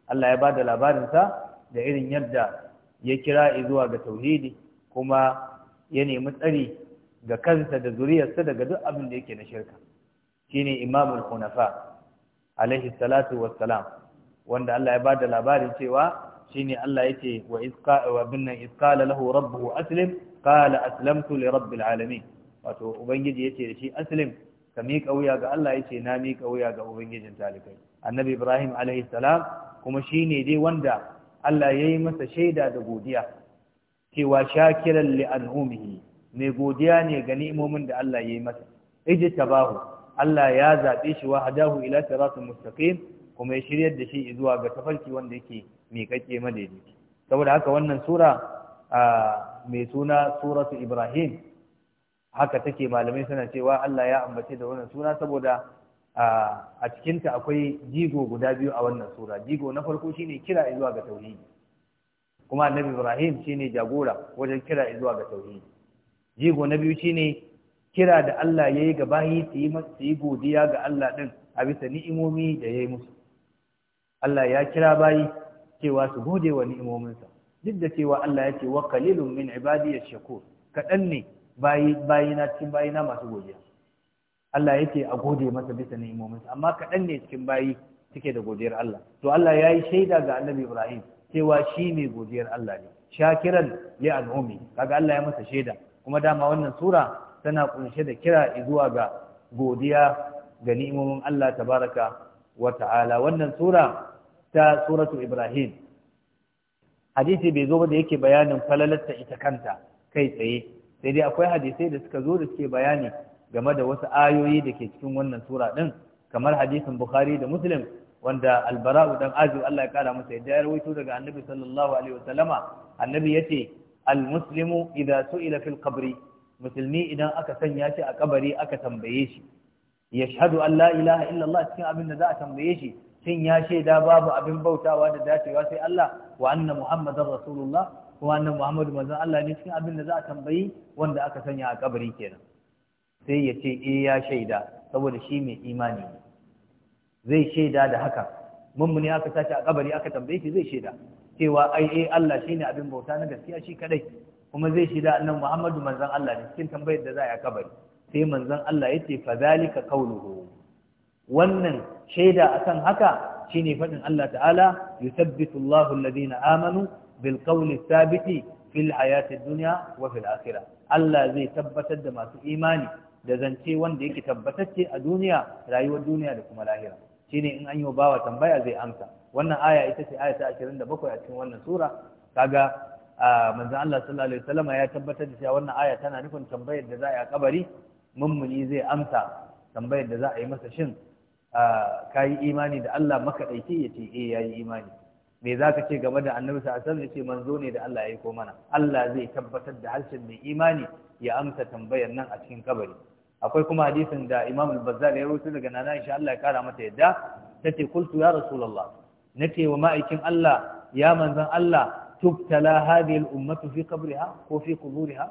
Allah ya bada labarinsa da irin yadda ya kira zuwa ga tauhidi kuma ya nemi tsari ga kansa da zuriyarsa daga duk abin da yake na shirka shine imamul khunafa alaihi salatu wassalam wanda Allah ya bada labarin cewa shine Allah yake wa isqa wa binna isqala lahu rabbuhu aslim qala aslamtu li rabbil alamin wato ubangiji yace da shi aslim ka miƙa wuya ga Allah yace na miƙa wuya ga ubangijin talibai annabi ibrahim alaihi salam kuma shine dai wanda Allah yayi masa shaida da godiya cewa shakiran li an'umihi mai godiya ne ga ni'imomin da Allah ya yi masa tabahu Allah ya zabe shi wa hadahu ila siratul mustaqim kuma ya shiryar da shi zuwa ga tafarki wanda yake miƙaƙe madaidaici saboda haka wannan sura mai suna suratul Ibrahim haka take malamai suna cewa Allah ya ambace da wannan sura? saboda a cikinta akwai jigo guda biyu a wannan sura jigo na farko shine kira zuwa ga tauhidi kuma annabi Ibrahim shine jagora wajen kira zuwa ga tauhidi jigo na biyu shine kira da Allah yayi ga gabahi su yi godiya ga Allah ɗin a bisa ni'imomi da yayi musu Allah ya kira bayi cewa su gode wa ni'imominsa duk da cewa Allah ya ce wa qalilun min ibadiyash shakur kaɗan ne bayi bayina cikin bayina masu godiya Allah ya a gode masa bisa ni'imominsa amma kaɗan ne cikin bayi suke da godiyar Allah to Allah ya yi shaida ga Annabi Ibrahim cewa shi ne godiyar Allah ne shakiran li an'umi kaga Allah ya masa shaida kuma dama wannan sura tana kunshe da kira zuwa ga godiya ga ni'imomin Allah tabaraka wa ta'ala wannan sura ta suratu Ibrahim hadisi bai zo ba da yake bayanin falalarta ita kanta kai tsaye sai dai akwai hadisai da suka zo da suke bayani game da wasu ayoyi da ke cikin wannan sura din kamar hadisin Bukhari da Muslim wanda albara'u dan azib Allah ya kara masa yadda ya rawaito daga annabi sallallahu alaihi wasallama annabi yace al-muslimu idza su'ila fil qabri musulmi idan aka sanya shi a kabari aka tambaye shi yashhadu an la ilaha Allah cikin abin da tambaye shi shin ya shaida babu abin bautawa da dacewa sai Allah wa anna muhammadar rasulullah kuma annan muhammadu manzon Allah ne cikin abin da a tambayi wanda aka sanya a kabari kenan sai yace ce eh, ya shaida saboda shi mai imani ne zai shaida da haka mummuni aka tashi a kabari aka tambaye shi zai shaida cewa ai eh Allah shine abin bauta na gaskiya shi kadai kuma zai shida annan Muhammadu manzon Allah ne cikin tambayar da za a kabari sai manzon Allah yace fa zalika qawluhu wannan shaida akan haka shine fadin Allah ta'ala yuthabbitu Allahu alladhina amanu bil qawli thabiti fil hayati dunya wa fil akhirah Allah zai tabbatar da masu imani da zance wanda yake tabbatacce a duniya rayuwar duniya da kuma lahira shine in an yi bawa tambaya zai amsa wannan aya ita ce aya ta 27 a cikin wannan sura kaga manzon Allah sallallahu alaihi wasallam ya tabbatar da cewa wannan aya tana nufin tambayar da za a yi a kabari mummuni zai amsa tambayar da za a yi masa shin kayi imani da Allah maka daiki yace eh yayi imani me zaka ce game da Annabi sallallahu alaihi wasallam yace manzo ne da Allah ya ko mana Allah zai tabbatar da harshen mai imani ya amsa tambayar nan a cikin kabari akwai kuma hadisin da Imam al-Bazzar ya rawaito daga Nana insha Allah ya kara mata yadda tace kultu ya rasulallah. na ce wa ma'aikin Allah ya manzan Allah tubtala hadhihi al-ummatu fi qabriha ko fi quburiha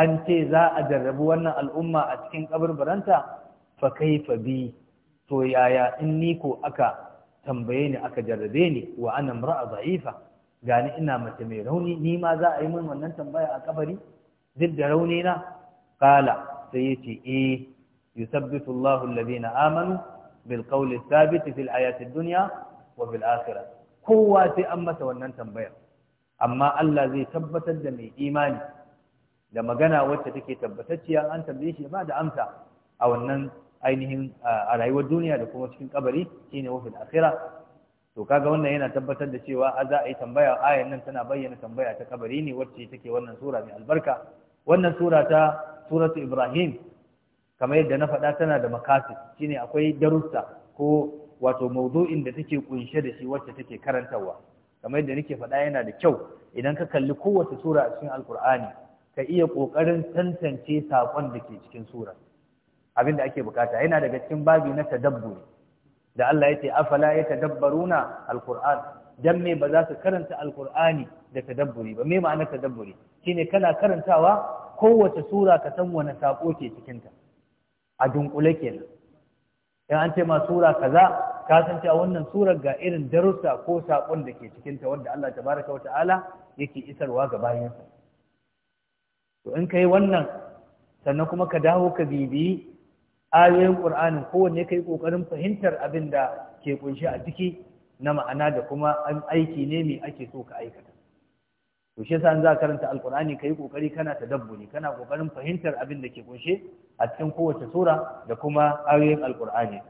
an ce za a jarrabu wannan al'umma a cikin kaburbaranta fa kaifa bi to yaya in ni ko aka tambaye ni aka jarrabe ni wa ana mar'a za'ifa gani ina mace mai rauni ni ma za a yi min wannan tambaya a kabari duk da rauni na kala sai yace eh yusabbitu Allahu alladhina amanu bil qawli thabit fil hayati dunya wa bil akhirah kowa sai an masa wannan tambayar amma Allah zai tabbatar da mai imani da magana wacce take tabbatacciya an tambaye shi ba da amsa a wannan ainihin a rayuwar duniya da kuma cikin kabari shine wafil akhirah to kaga wannan yana tabbatar da cewa a za a yi tambaya ayan nan tana bayyana tambaya ta kabari ne wacce take wannan sura mai albarka wannan sura ta suratu ibrahim kamar yadda na faɗa tana da makasib shine akwai darussa ko wato maudu'in da take kunshe da shi wacce take karantawa, kamar yadda nake faɗa yana da kyau idan ka kalli kowace sura a cikin alkur'ani ka iya ƙoƙarin tantance saƙon da ke cikin sura abin da ake bukata yana daga cikin babi na tadabburi da Allah ya ce afala ya tadabbaruna alkur'an dan me ba za su karanta alkur'ani da tadabburi ba me ma'anar tadabburi shine kana karantawa kowace sura ka san wani saƙo ke cikinta a dunkule kenan in an ce ma sura kaza ka san cewa wannan surar ga irin darussa ko sakon da ke cikin ta wanda Allah tabaraka wata'ala yake isarwa ga bayansa to in kai wannan sannan kuma ka dawo ka bibiyi ayoyin Qur'anin kowanne kai kokarin fahimtar abin da ke kunshi a ciki na ma'ana da kuma an aiki ne me ake so ka aikata to shi yasa za karanta ka kai kokari kana tadabburi kana kokarin fahimtar abin da ke kunshe a cikin kowace sura da kuma ayoyin alkur'ani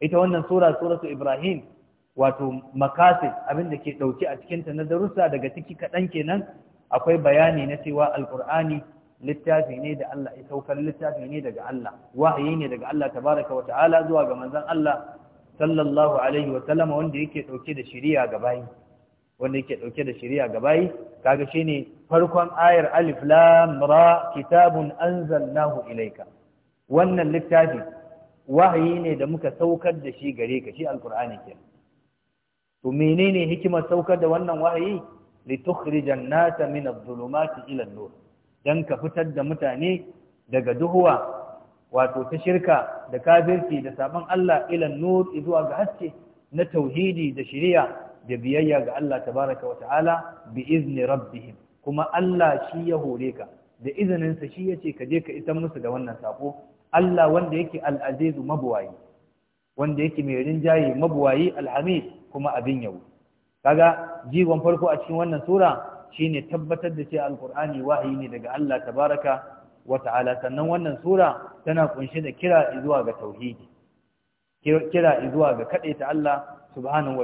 ita wannan sura suratu ibrahim wato makasid abin da ke dauke a cikin ta na darussa daga ciki kadan kenan akwai bayani na cewa alkur'ani littafi ne da Allah ya saukar littafi ne daga Allah wahayi ne daga Allah tabaraka wa ta'ala zuwa ga manzon Allah sallallahu alaihi wa sallama wanda yake dauke da shari'a ga bayi wanda yake dauke da shari'a ga kaga shine farkon ayar alif lam ra kitabun anzalnahu ilayka wannan littafi wahayi ne da muka saukar da shi gare ka shi alqur'ani kenan to menene hikimar saukar da wannan wahayi litukhrijan nasa min adh-dhulumati ila an-nur dan ka fitar da mutane daga duhuwa wato ta shirka da kafirci da sabon Allah ila an-nur zuwa ga haske na tauhidi da shari'a da biyayya ga Allah tabaraka wa ta'ala bi izni rabbihim kuma Allah shi ya hore ka da izininsa shi yace ka je ka isa musu da wannan sako Allah wanda yake al'azizu azizu mabuwayi wanda yake mai rinjaye mabuwayi al kuma abin yau kaga jigon farko a cikin wannan sura shine tabbatar da ce alqur'ani wahayi ne daga Allah tabaraka wata'ala sannan wannan sura tana kunshe da kira izuwa ga tauhidi kira izuwa ga kadaita Allah subhanahu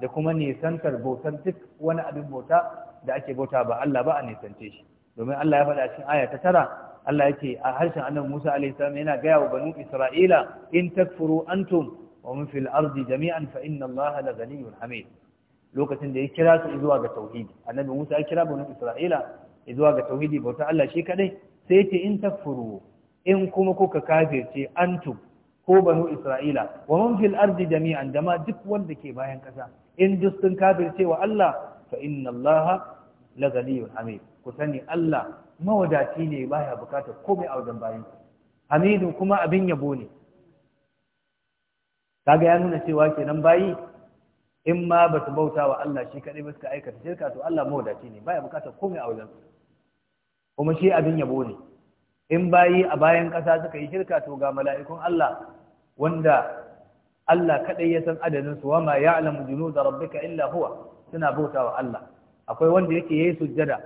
da kuma nisantar bautar duk wani abin bauta da ake bauta ba Allah ba a nisance shi domin Allah ya faɗa cikin aya ta tara Allah yake a harshen annabi Musa alaihi salam yana gaya wa banu Isra'ila in takfuru antum wa min fil ardi jami'an fa inna Allah la ghaniyyun hamid lokacin da ya kira su zuwa ga tauhidi annabi Musa ya kira banu Isra'ila zuwa ga tauhidi bauta Allah shi kadai sai ce in takfuru in kuma kuka kafirce antum ko banu Isra'ila wa man fil ardi jami'an dama duk wanda ke bayan kasa in duk sun cewa wa Allah fa inna Allah la ghaniyyun hamid ku sani Allah mawadaci ne baya bukatar komai a wajen bayin hamidu kuma abin yabo ne kaga ya nuna cewa kenan bayi in ma ba su bauta wa Allah shi kaɗai ba suka aikata shirka to Allah mawadaci ne baya bukatar komai a wajen kuma shi abin yabo ne in bayi a bayan ƙasa suka yi shirka to ga mala'ikun Allah wanda Allah kadai ya san adadin su wama ya'lamu junuda rabbika illa huwa suna bautawa Allah akwai wanda yake yayi sujjada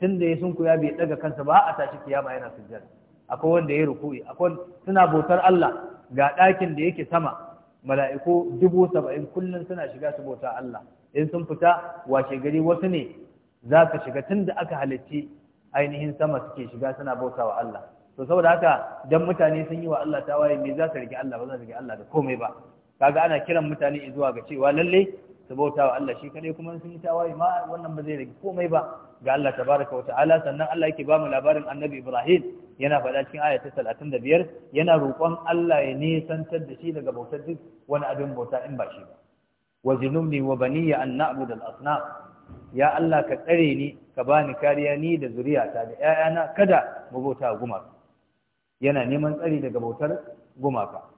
tunda ya sunku ya bai daga kansa ba a tashi kiyama yana sujjada akwai wanda ya ruku'i akwai suna bautar Allah ga dakin da yake sama mala'iku dubu saba'in suna shiga su bauta Allah in sun fita washe gari wasu ne za ka shiga tun da aka halarci ainihin sama suke shiga suna bauta wa Allah to saboda haka dan mutane sun yi wa Allah tawaye me za su rike Allah ba za su rike Allah da komai ba kaga ana kiran mutane zuwa ga cewa lalle su bauta wa Allah shi kadai kuma sun yi tawaye ma wannan ba zai rage komai ba ga Allah tabaraka wa ta'ala sannan Allah yake ba mu labarin Annabi Ibrahim yana faɗa cikin aya ta biyar. yana roƙon Allah ya nisantar da shi daga bautar duk wani abin bauta in ba shi ba wa zinubni wa baniya an na'budu al-asnam ya Allah ka tsare ni ka bani kariya ni da zuriyata da 'ya'yana kada mu bauta gumaka yana neman tsari daga bautar gumaka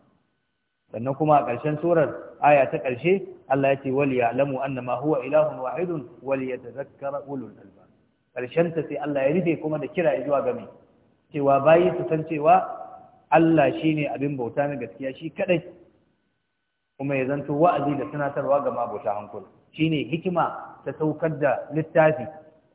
sannan kuma a ƙarshen surar aya ta ƙarshe Allah ya ce wali ya'lamu annama huwa ilahun wahidun wali yatadhakkara ulul albab ƙarshen ta sai Allah ya rufe kuma da kira zuwa ga mai cewa bayi su san cewa Allah shine abin bauta na gaskiya shi kadai kuma ya zanto wa'azi da tunatarwa ga hankul. hankula shine hikima ta saukar da littafi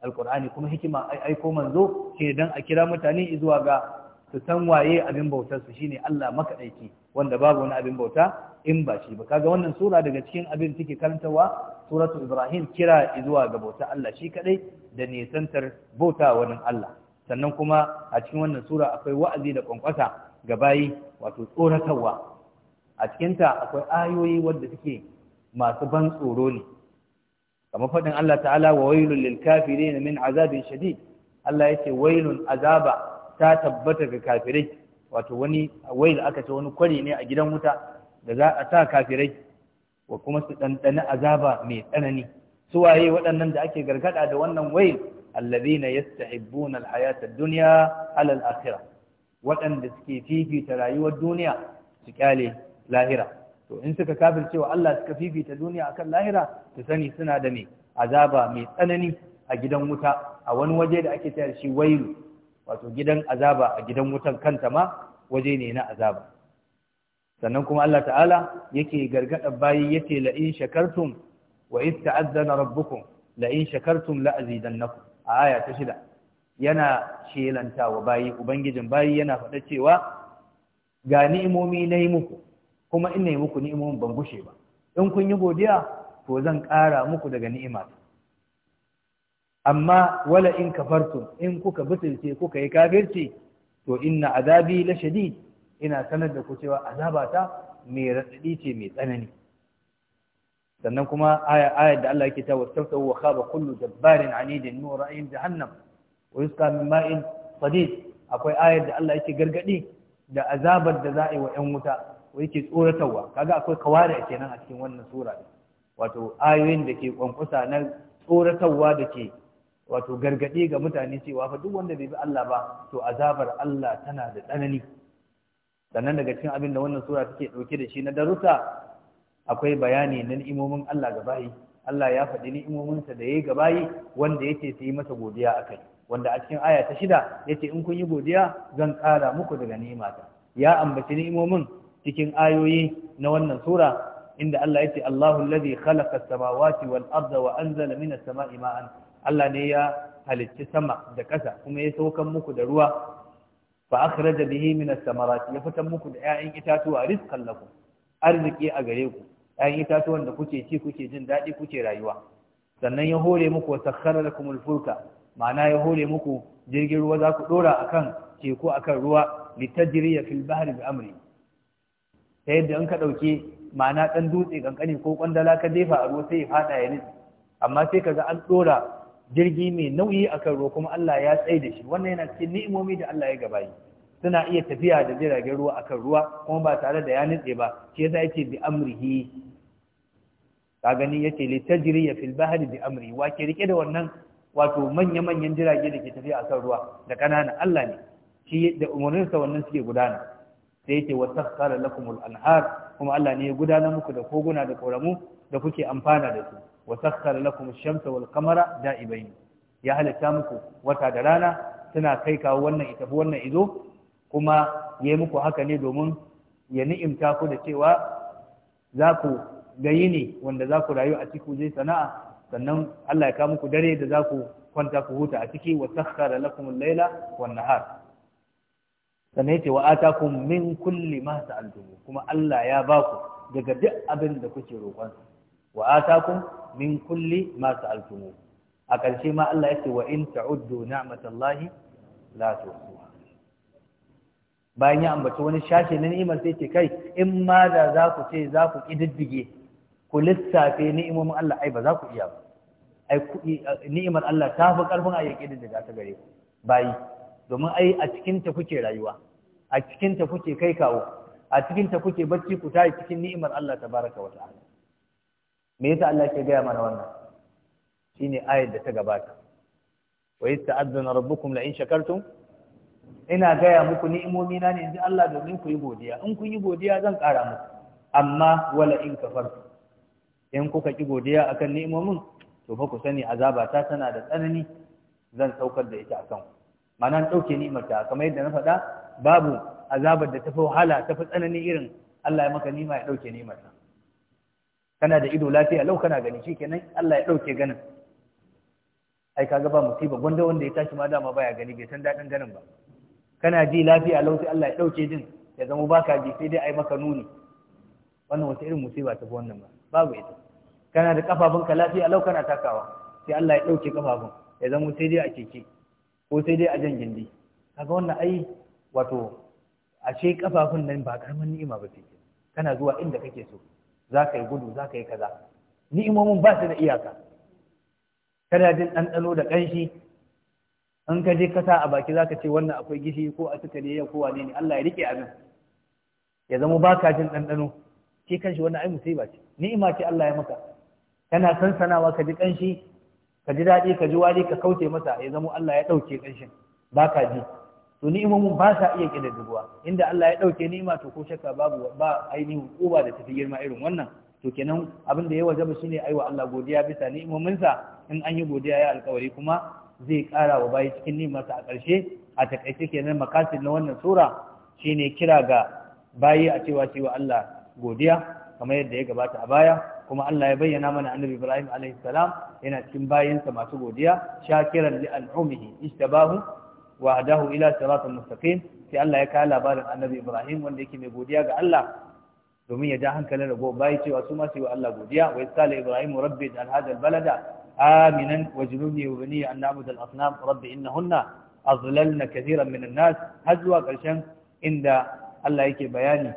alkur'ani kuma hikima aiko manzo ke dan a kira mutane zuwa ga su san waye abin bautar su shine Allah makadaiki wanda babu wani abin bauta in ba shi ba kaga wannan sura daga cikin abin take karantawa suratu Ibrahim kira zuwa ga bauta Allah shi kadai da nisantar bauta wani Allah sannan kuma a cikin wannan sura akwai wa'azi da kwankwasa ga bayi wato tsoratarwa a cikinta akwai ayoyi wanda suke masu ban tsoro ne kamar faɗin Allah ta'ala wa wailul lil kafirin min azabin shadid Allah yake wailun azaba ta tabbata ga kafirai wato wani wail aka ce wani kwari ne a gidan wuta da za a sa kafirai wa kuma su ɗanɗani azaba mai tsanani su waye waɗannan da ake gargada da wannan wail allazina yastahibbuna alhayata ad-dunya ala al-akhirah waɗanda suke fifita rayuwar duniya su kyale lahira to in suka kafircewa Allah suka fifita duniya akan lahira su sani suna da me azaba mai tsanani a gidan wuta a wani waje da ake tayar shi wailu wato gidan azaba a gidan wutan kanta ma waje ne na azaba sannan kuma Allah ta'ala yake gargada bayi yace la in shakartum wa in ta'azzana rabbukum la in shakartum la azidannakum a aya ta shida yana wa bayi ubangijin bayi yana faɗa cewa ga ni'imomi nayi muku kuma in nayi muku ni'imomin ban gushe ba in kun yi godiya to zan ƙara muku daga ni'imata amma wala in kafartum in kuka butulce kuka yi kafirci to inna azabi la shadid ina sanar da ku cewa azabata mai radadi ce mai tsanani sannan kuma ayar da Allah yake ta wastaftahu wa khaba kullu jabbarin anidin nu ra'in jahannam wa yusqa min ma'in sadid akwai ayar da Allah yake gargadi da azabar da za a yi wa ƴan wuta wa yake tsoratarwa kaga akwai kawari kenan a cikin wannan sura wato ayoyin da ke kwankwasa na tsoratarwa da ke wato gargaɗe ga mutane cewa fa duk wanda bai bi Allah ba to azabar Allah tana da tsanani sannan daga cikin abin da wannan sura take ɗauke da shi na darussa akwai bayani na ni'imomin Allah ga bayi Allah ya faɗi ni'imominsa da yayi ga bayi wanda yake ce yi masa godiya akai wanda a cikin aya ta shida yace in kun yi godiya zan ƙara muku daga ni'imata ya ambaci ni'imomin cikin ayoyi na wannan sura inda Allah yace Allahu allazi khalaqa as-samawati wal arda wa anzala minas sama'i ma'an Allah ne ya halicci sama da ƙasa kuma ya saukan muku da ruwa fa akhraja bihi min as-samarat ya fitan muku da 'ya'yan itatuwa rizqan lakum arziki a gare ku 'ya'yan itatuwan da kuke ci kuke jin daɗi kuke rayuwa sannan ya hore muku sakhara lakum al-fulka ma'ana ya hore muku jirgin ruwa za ku dora akan teku akan ruwa litajriya fil bahri bi amri ta yadda in ka dauke ma'ana dan dutse gankani ko kwandala ka jefa a ruwa sai ya fada ya nitsi amma sai kaga an dora jirgi mai nauyi akan ruwa kuma Allah ya tsaye da shi wannan yana cikin ni'imomi da Allah ya gabayi suna iya tafiya da jiragen ruwa akan ruwa kuma ba tare da ya nutse ba shi yasa yake bi amrihi ka gani yace li ya fil bahri bi amri wa ke rike da wannan wato manya manyan jirage da ke tafiya akan ruwa da kanana Allah ne shi da umarnin sa wannan suke gudana sai yace wa sakhara lakumul anhar kuma Allah ne ya gudanar muku da koguna da koramu da kuke amfana da su wa sakhkhara lakum ash-shamsa wal qamara da'ibain ya halitta muku wata da rana suna kai kawo wannan ita wannan izo kuma yayi muku haka ne domin ya ni'imta ku da cewa za ku gayi ne wanda za ku rayu a ciki zai sana'a sannan Allah ya kawo muku dare da za ku kwanta ku huta a ciki wa sakhkhara lakum al-laila wan nahar sannan yace wa atakum min kulli ma sa'altum kuma Allah ya ba ku daga duk abin da kuke roƙon wa atakum min kulli ma sa'altumu a ƙarshe ma Allah yake wa in ta'uddu ni'matallahi la tuhsuha bayan ya ambaci wani shashe na ni'imar sai ce kai in ma da za ku ce za ku kididdige ku lissafe ni'imomin Allah ai ba za ku iya ba ai ni'imar Allah ta fi karfin a yake diddiga ta gare ku bayi domin ai a cikin ta kuke rayuwa a cikin ta kuke kai kawo a cikin ta kuke bacci ku tayi cikin ni'imar Allah tabaraka wa ta'ala me yasa Allah ke gaya mana wannan shine ayar da ta gabata wa yasta'aduna rabbukum la in shakartum ina gaya muku ni'imomi na ne yanzu Allah domin ku yi godiya in kun yi godiya zan ƙara muku amma wala in kafartum in kuka ki godiya akan ni'imomin to fa ku sani azaba ta tana da tsanani zan saukar da ita akan mana dauke ni'imar ta kamar yadda na faɗa babu azabar da tafi wahala tafi tsanani irin Allah ya maka nima ya ɗauke ni'imar ta kana da ido lafiya lau kana gani shikenan Allah ya dauke ganin ai kaga ba musiba gwanda wanda ya tashi ma dama baya gani bai san dadin ganin ba kana ji lafiya lau sai Allah ya dauke jin ya zama baka ji sai dai ai maka nuni wannan wata irin musiba ta wannan ba babu ita kana da kafafunka lafiya lau kana takawa sai Allah ya dauke kafafun ya zama sai dai a keke ko sai dai a jan gindi kaga wannan ai wato ashe kafafun nan ba karamin ni'ima ba ce kana zuwa inda kake so za ka yi gudu za ka yi kaza ni'imomin ba su da iyaka Kada jin ɗanɗano da ƙanshi in ka je kasa a baki za ka ce wannan akwai gishi ko a suka ne ya ko wane ne Allah ya rike nan ya zama ba ka jin ɗanɗano ke kanshi wannan ai ba ce ni'ima ce Allah ya maka kana sansanawa ka ji ƙanshi ka ji daɗi ka ji wari ka kauce masa ya zama Allah ya ɗauke ƙanshin ba ka ji to ni'imomin ba sa iya kididdigwa inda Allah ya dauke ni'ima to ko shakka babu ba ainihin uba da tafi girma irin wannan to kenan abin da ya wajaba shine aiwa Allah godiya bisa sa in an yi godiya ya alkawari kuma zai ƙara wa bayi cikin sa a ƙarshe a takaice kenan makasid na wannan sura shine kira ga bayi a cewa wa Allah godiya kamar yadda ya gabata a baya kuma Allah ya bayyana mana annabi Ibrahim alaihi salam yana cikin bayinsa masu godiya shakiran li al'umihi istabahu wa hadahu ila siratal mustaqim sai Allah ya kawo labarin annabi Ibrahim wanda yake mai godiya ga Allah domin ya ja hankalin rago bai cewa su ma su yi wa Allah godiya wa isala Ibrahim rabbi ja'al hadha balada aminan wajnubni wa bani an na'budu al-asnam rabbi innahunna azlalna kathiran min an-nas har zuwa karshen inda Allah yake bayani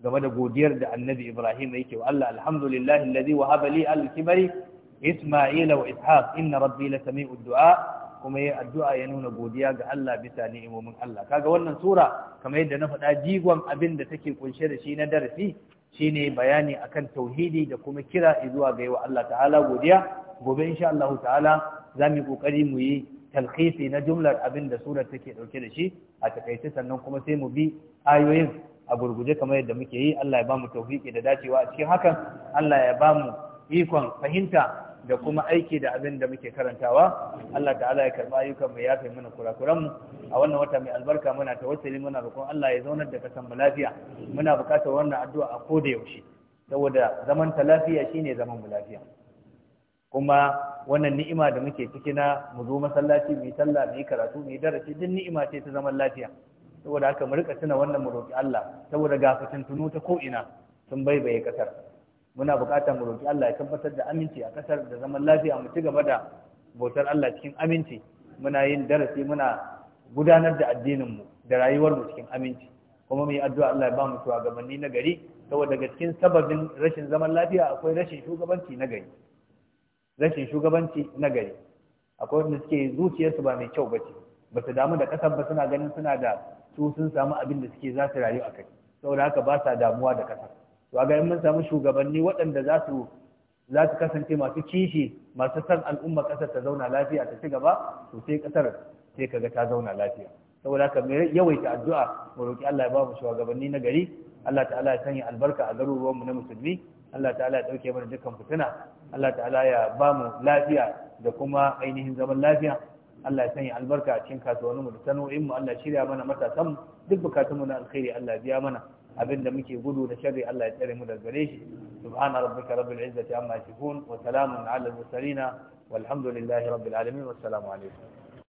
game da godiyar da annabi Ibrahim yake wa Allah alhamdulillahi alladhi wahaba li al-kibri Isma'ila wa Ishaq inna rabbi la sami'u du'a kuma yayi addu'a ya nuna godiya ga Allah bisa ni'imomin Allah kaga wannan sura kamar yadda na faɗa jigon abin da take kunshe da shi na darasi shine bayani akan tauhidi da kuma kira zuwa ga yawa Allah ta'ala godiya gobe insha Allah ta'ala zamu kokari mu yi talkhisi na jumlar abin da surar take dauke da shi a takaice sannan kuma sai mu bi ayoyin a gurguje kamar yadda muke yi Allah ya ba mu tauhiki da dacewa a cikin hakan Allah ya ba mu ikon fahimta da kuma aiki da abin da muke karantawa Allah ta'ala ya karba ayyukan mu yafe mana kurakuran mu a wannan wata mai albarka muna tawassuli muna roƙon Allah ya zaunar da kasan mu lafiya muna buƙatar wannan addu'a a koda yaushe saboda zaman ta lafiya shine zaman mu lafiya kuma wannan ni'ima da muke ciki na mu zo masallaci mu yi sallah mu yi karatu mu yi darasi duk ni'ima ce ta zaman lafiya saboda haka mu rika tuna wannan mu roƙi Allah saboda gafatin tunu ta ko ina sun baibaye kasar muna bukatar mu roki Allah ya tabbatar da aminci a ƙasar da zaman lafiya mu ci gaba da bautar Allah cikin aminci muna yin darasi muna gudanar da addinin mu da rayuwar mu cikin aminci kuma mu yi addu'a Allah ya ba mu shugabanni na gari saboda daga cikin sababin rashin zaman lafiya akwai rashin shugabanci na gari rashin shugabanci na gari akwai wanda suke zuciyarsu ba mai kyau bace ba su damu da kasar ba suna ganin suna da su sun samu abin da suke za su rayu a kai saboda haka ba sa damuwa da kasar to ga mun samu shugabanni waɗanda za su za su kasance masu kishi masu san al'umma ƙasar ta zauna lafiya ta ci gaba to sai ƙasar sai kaga ta zauna lafiya saboda haka mai yawaita addu'a mu roki Allah ya ba mu shugabanni na gari Allah ta'ala ya sanya albarka a garuruwanmu na musulmi Allah ta'ala ya ɗauke mana dukkan fitina Allah ta'ala ya ba mu lafiya da kuma ainihin zaman lafiya Allah ya sanya albarka a cikin kasuwanninmu da sano'inmu Allah shirya mana matasanmu duk bukatunmu na alkhairi Allah biya mana abinda muke gudu da sharri Allah ya tsare mu daga gare shi subhana rabbika rabbil izzati amma yasifun wa salamun ala al mursalin والحمد لله رب العالمين والسلام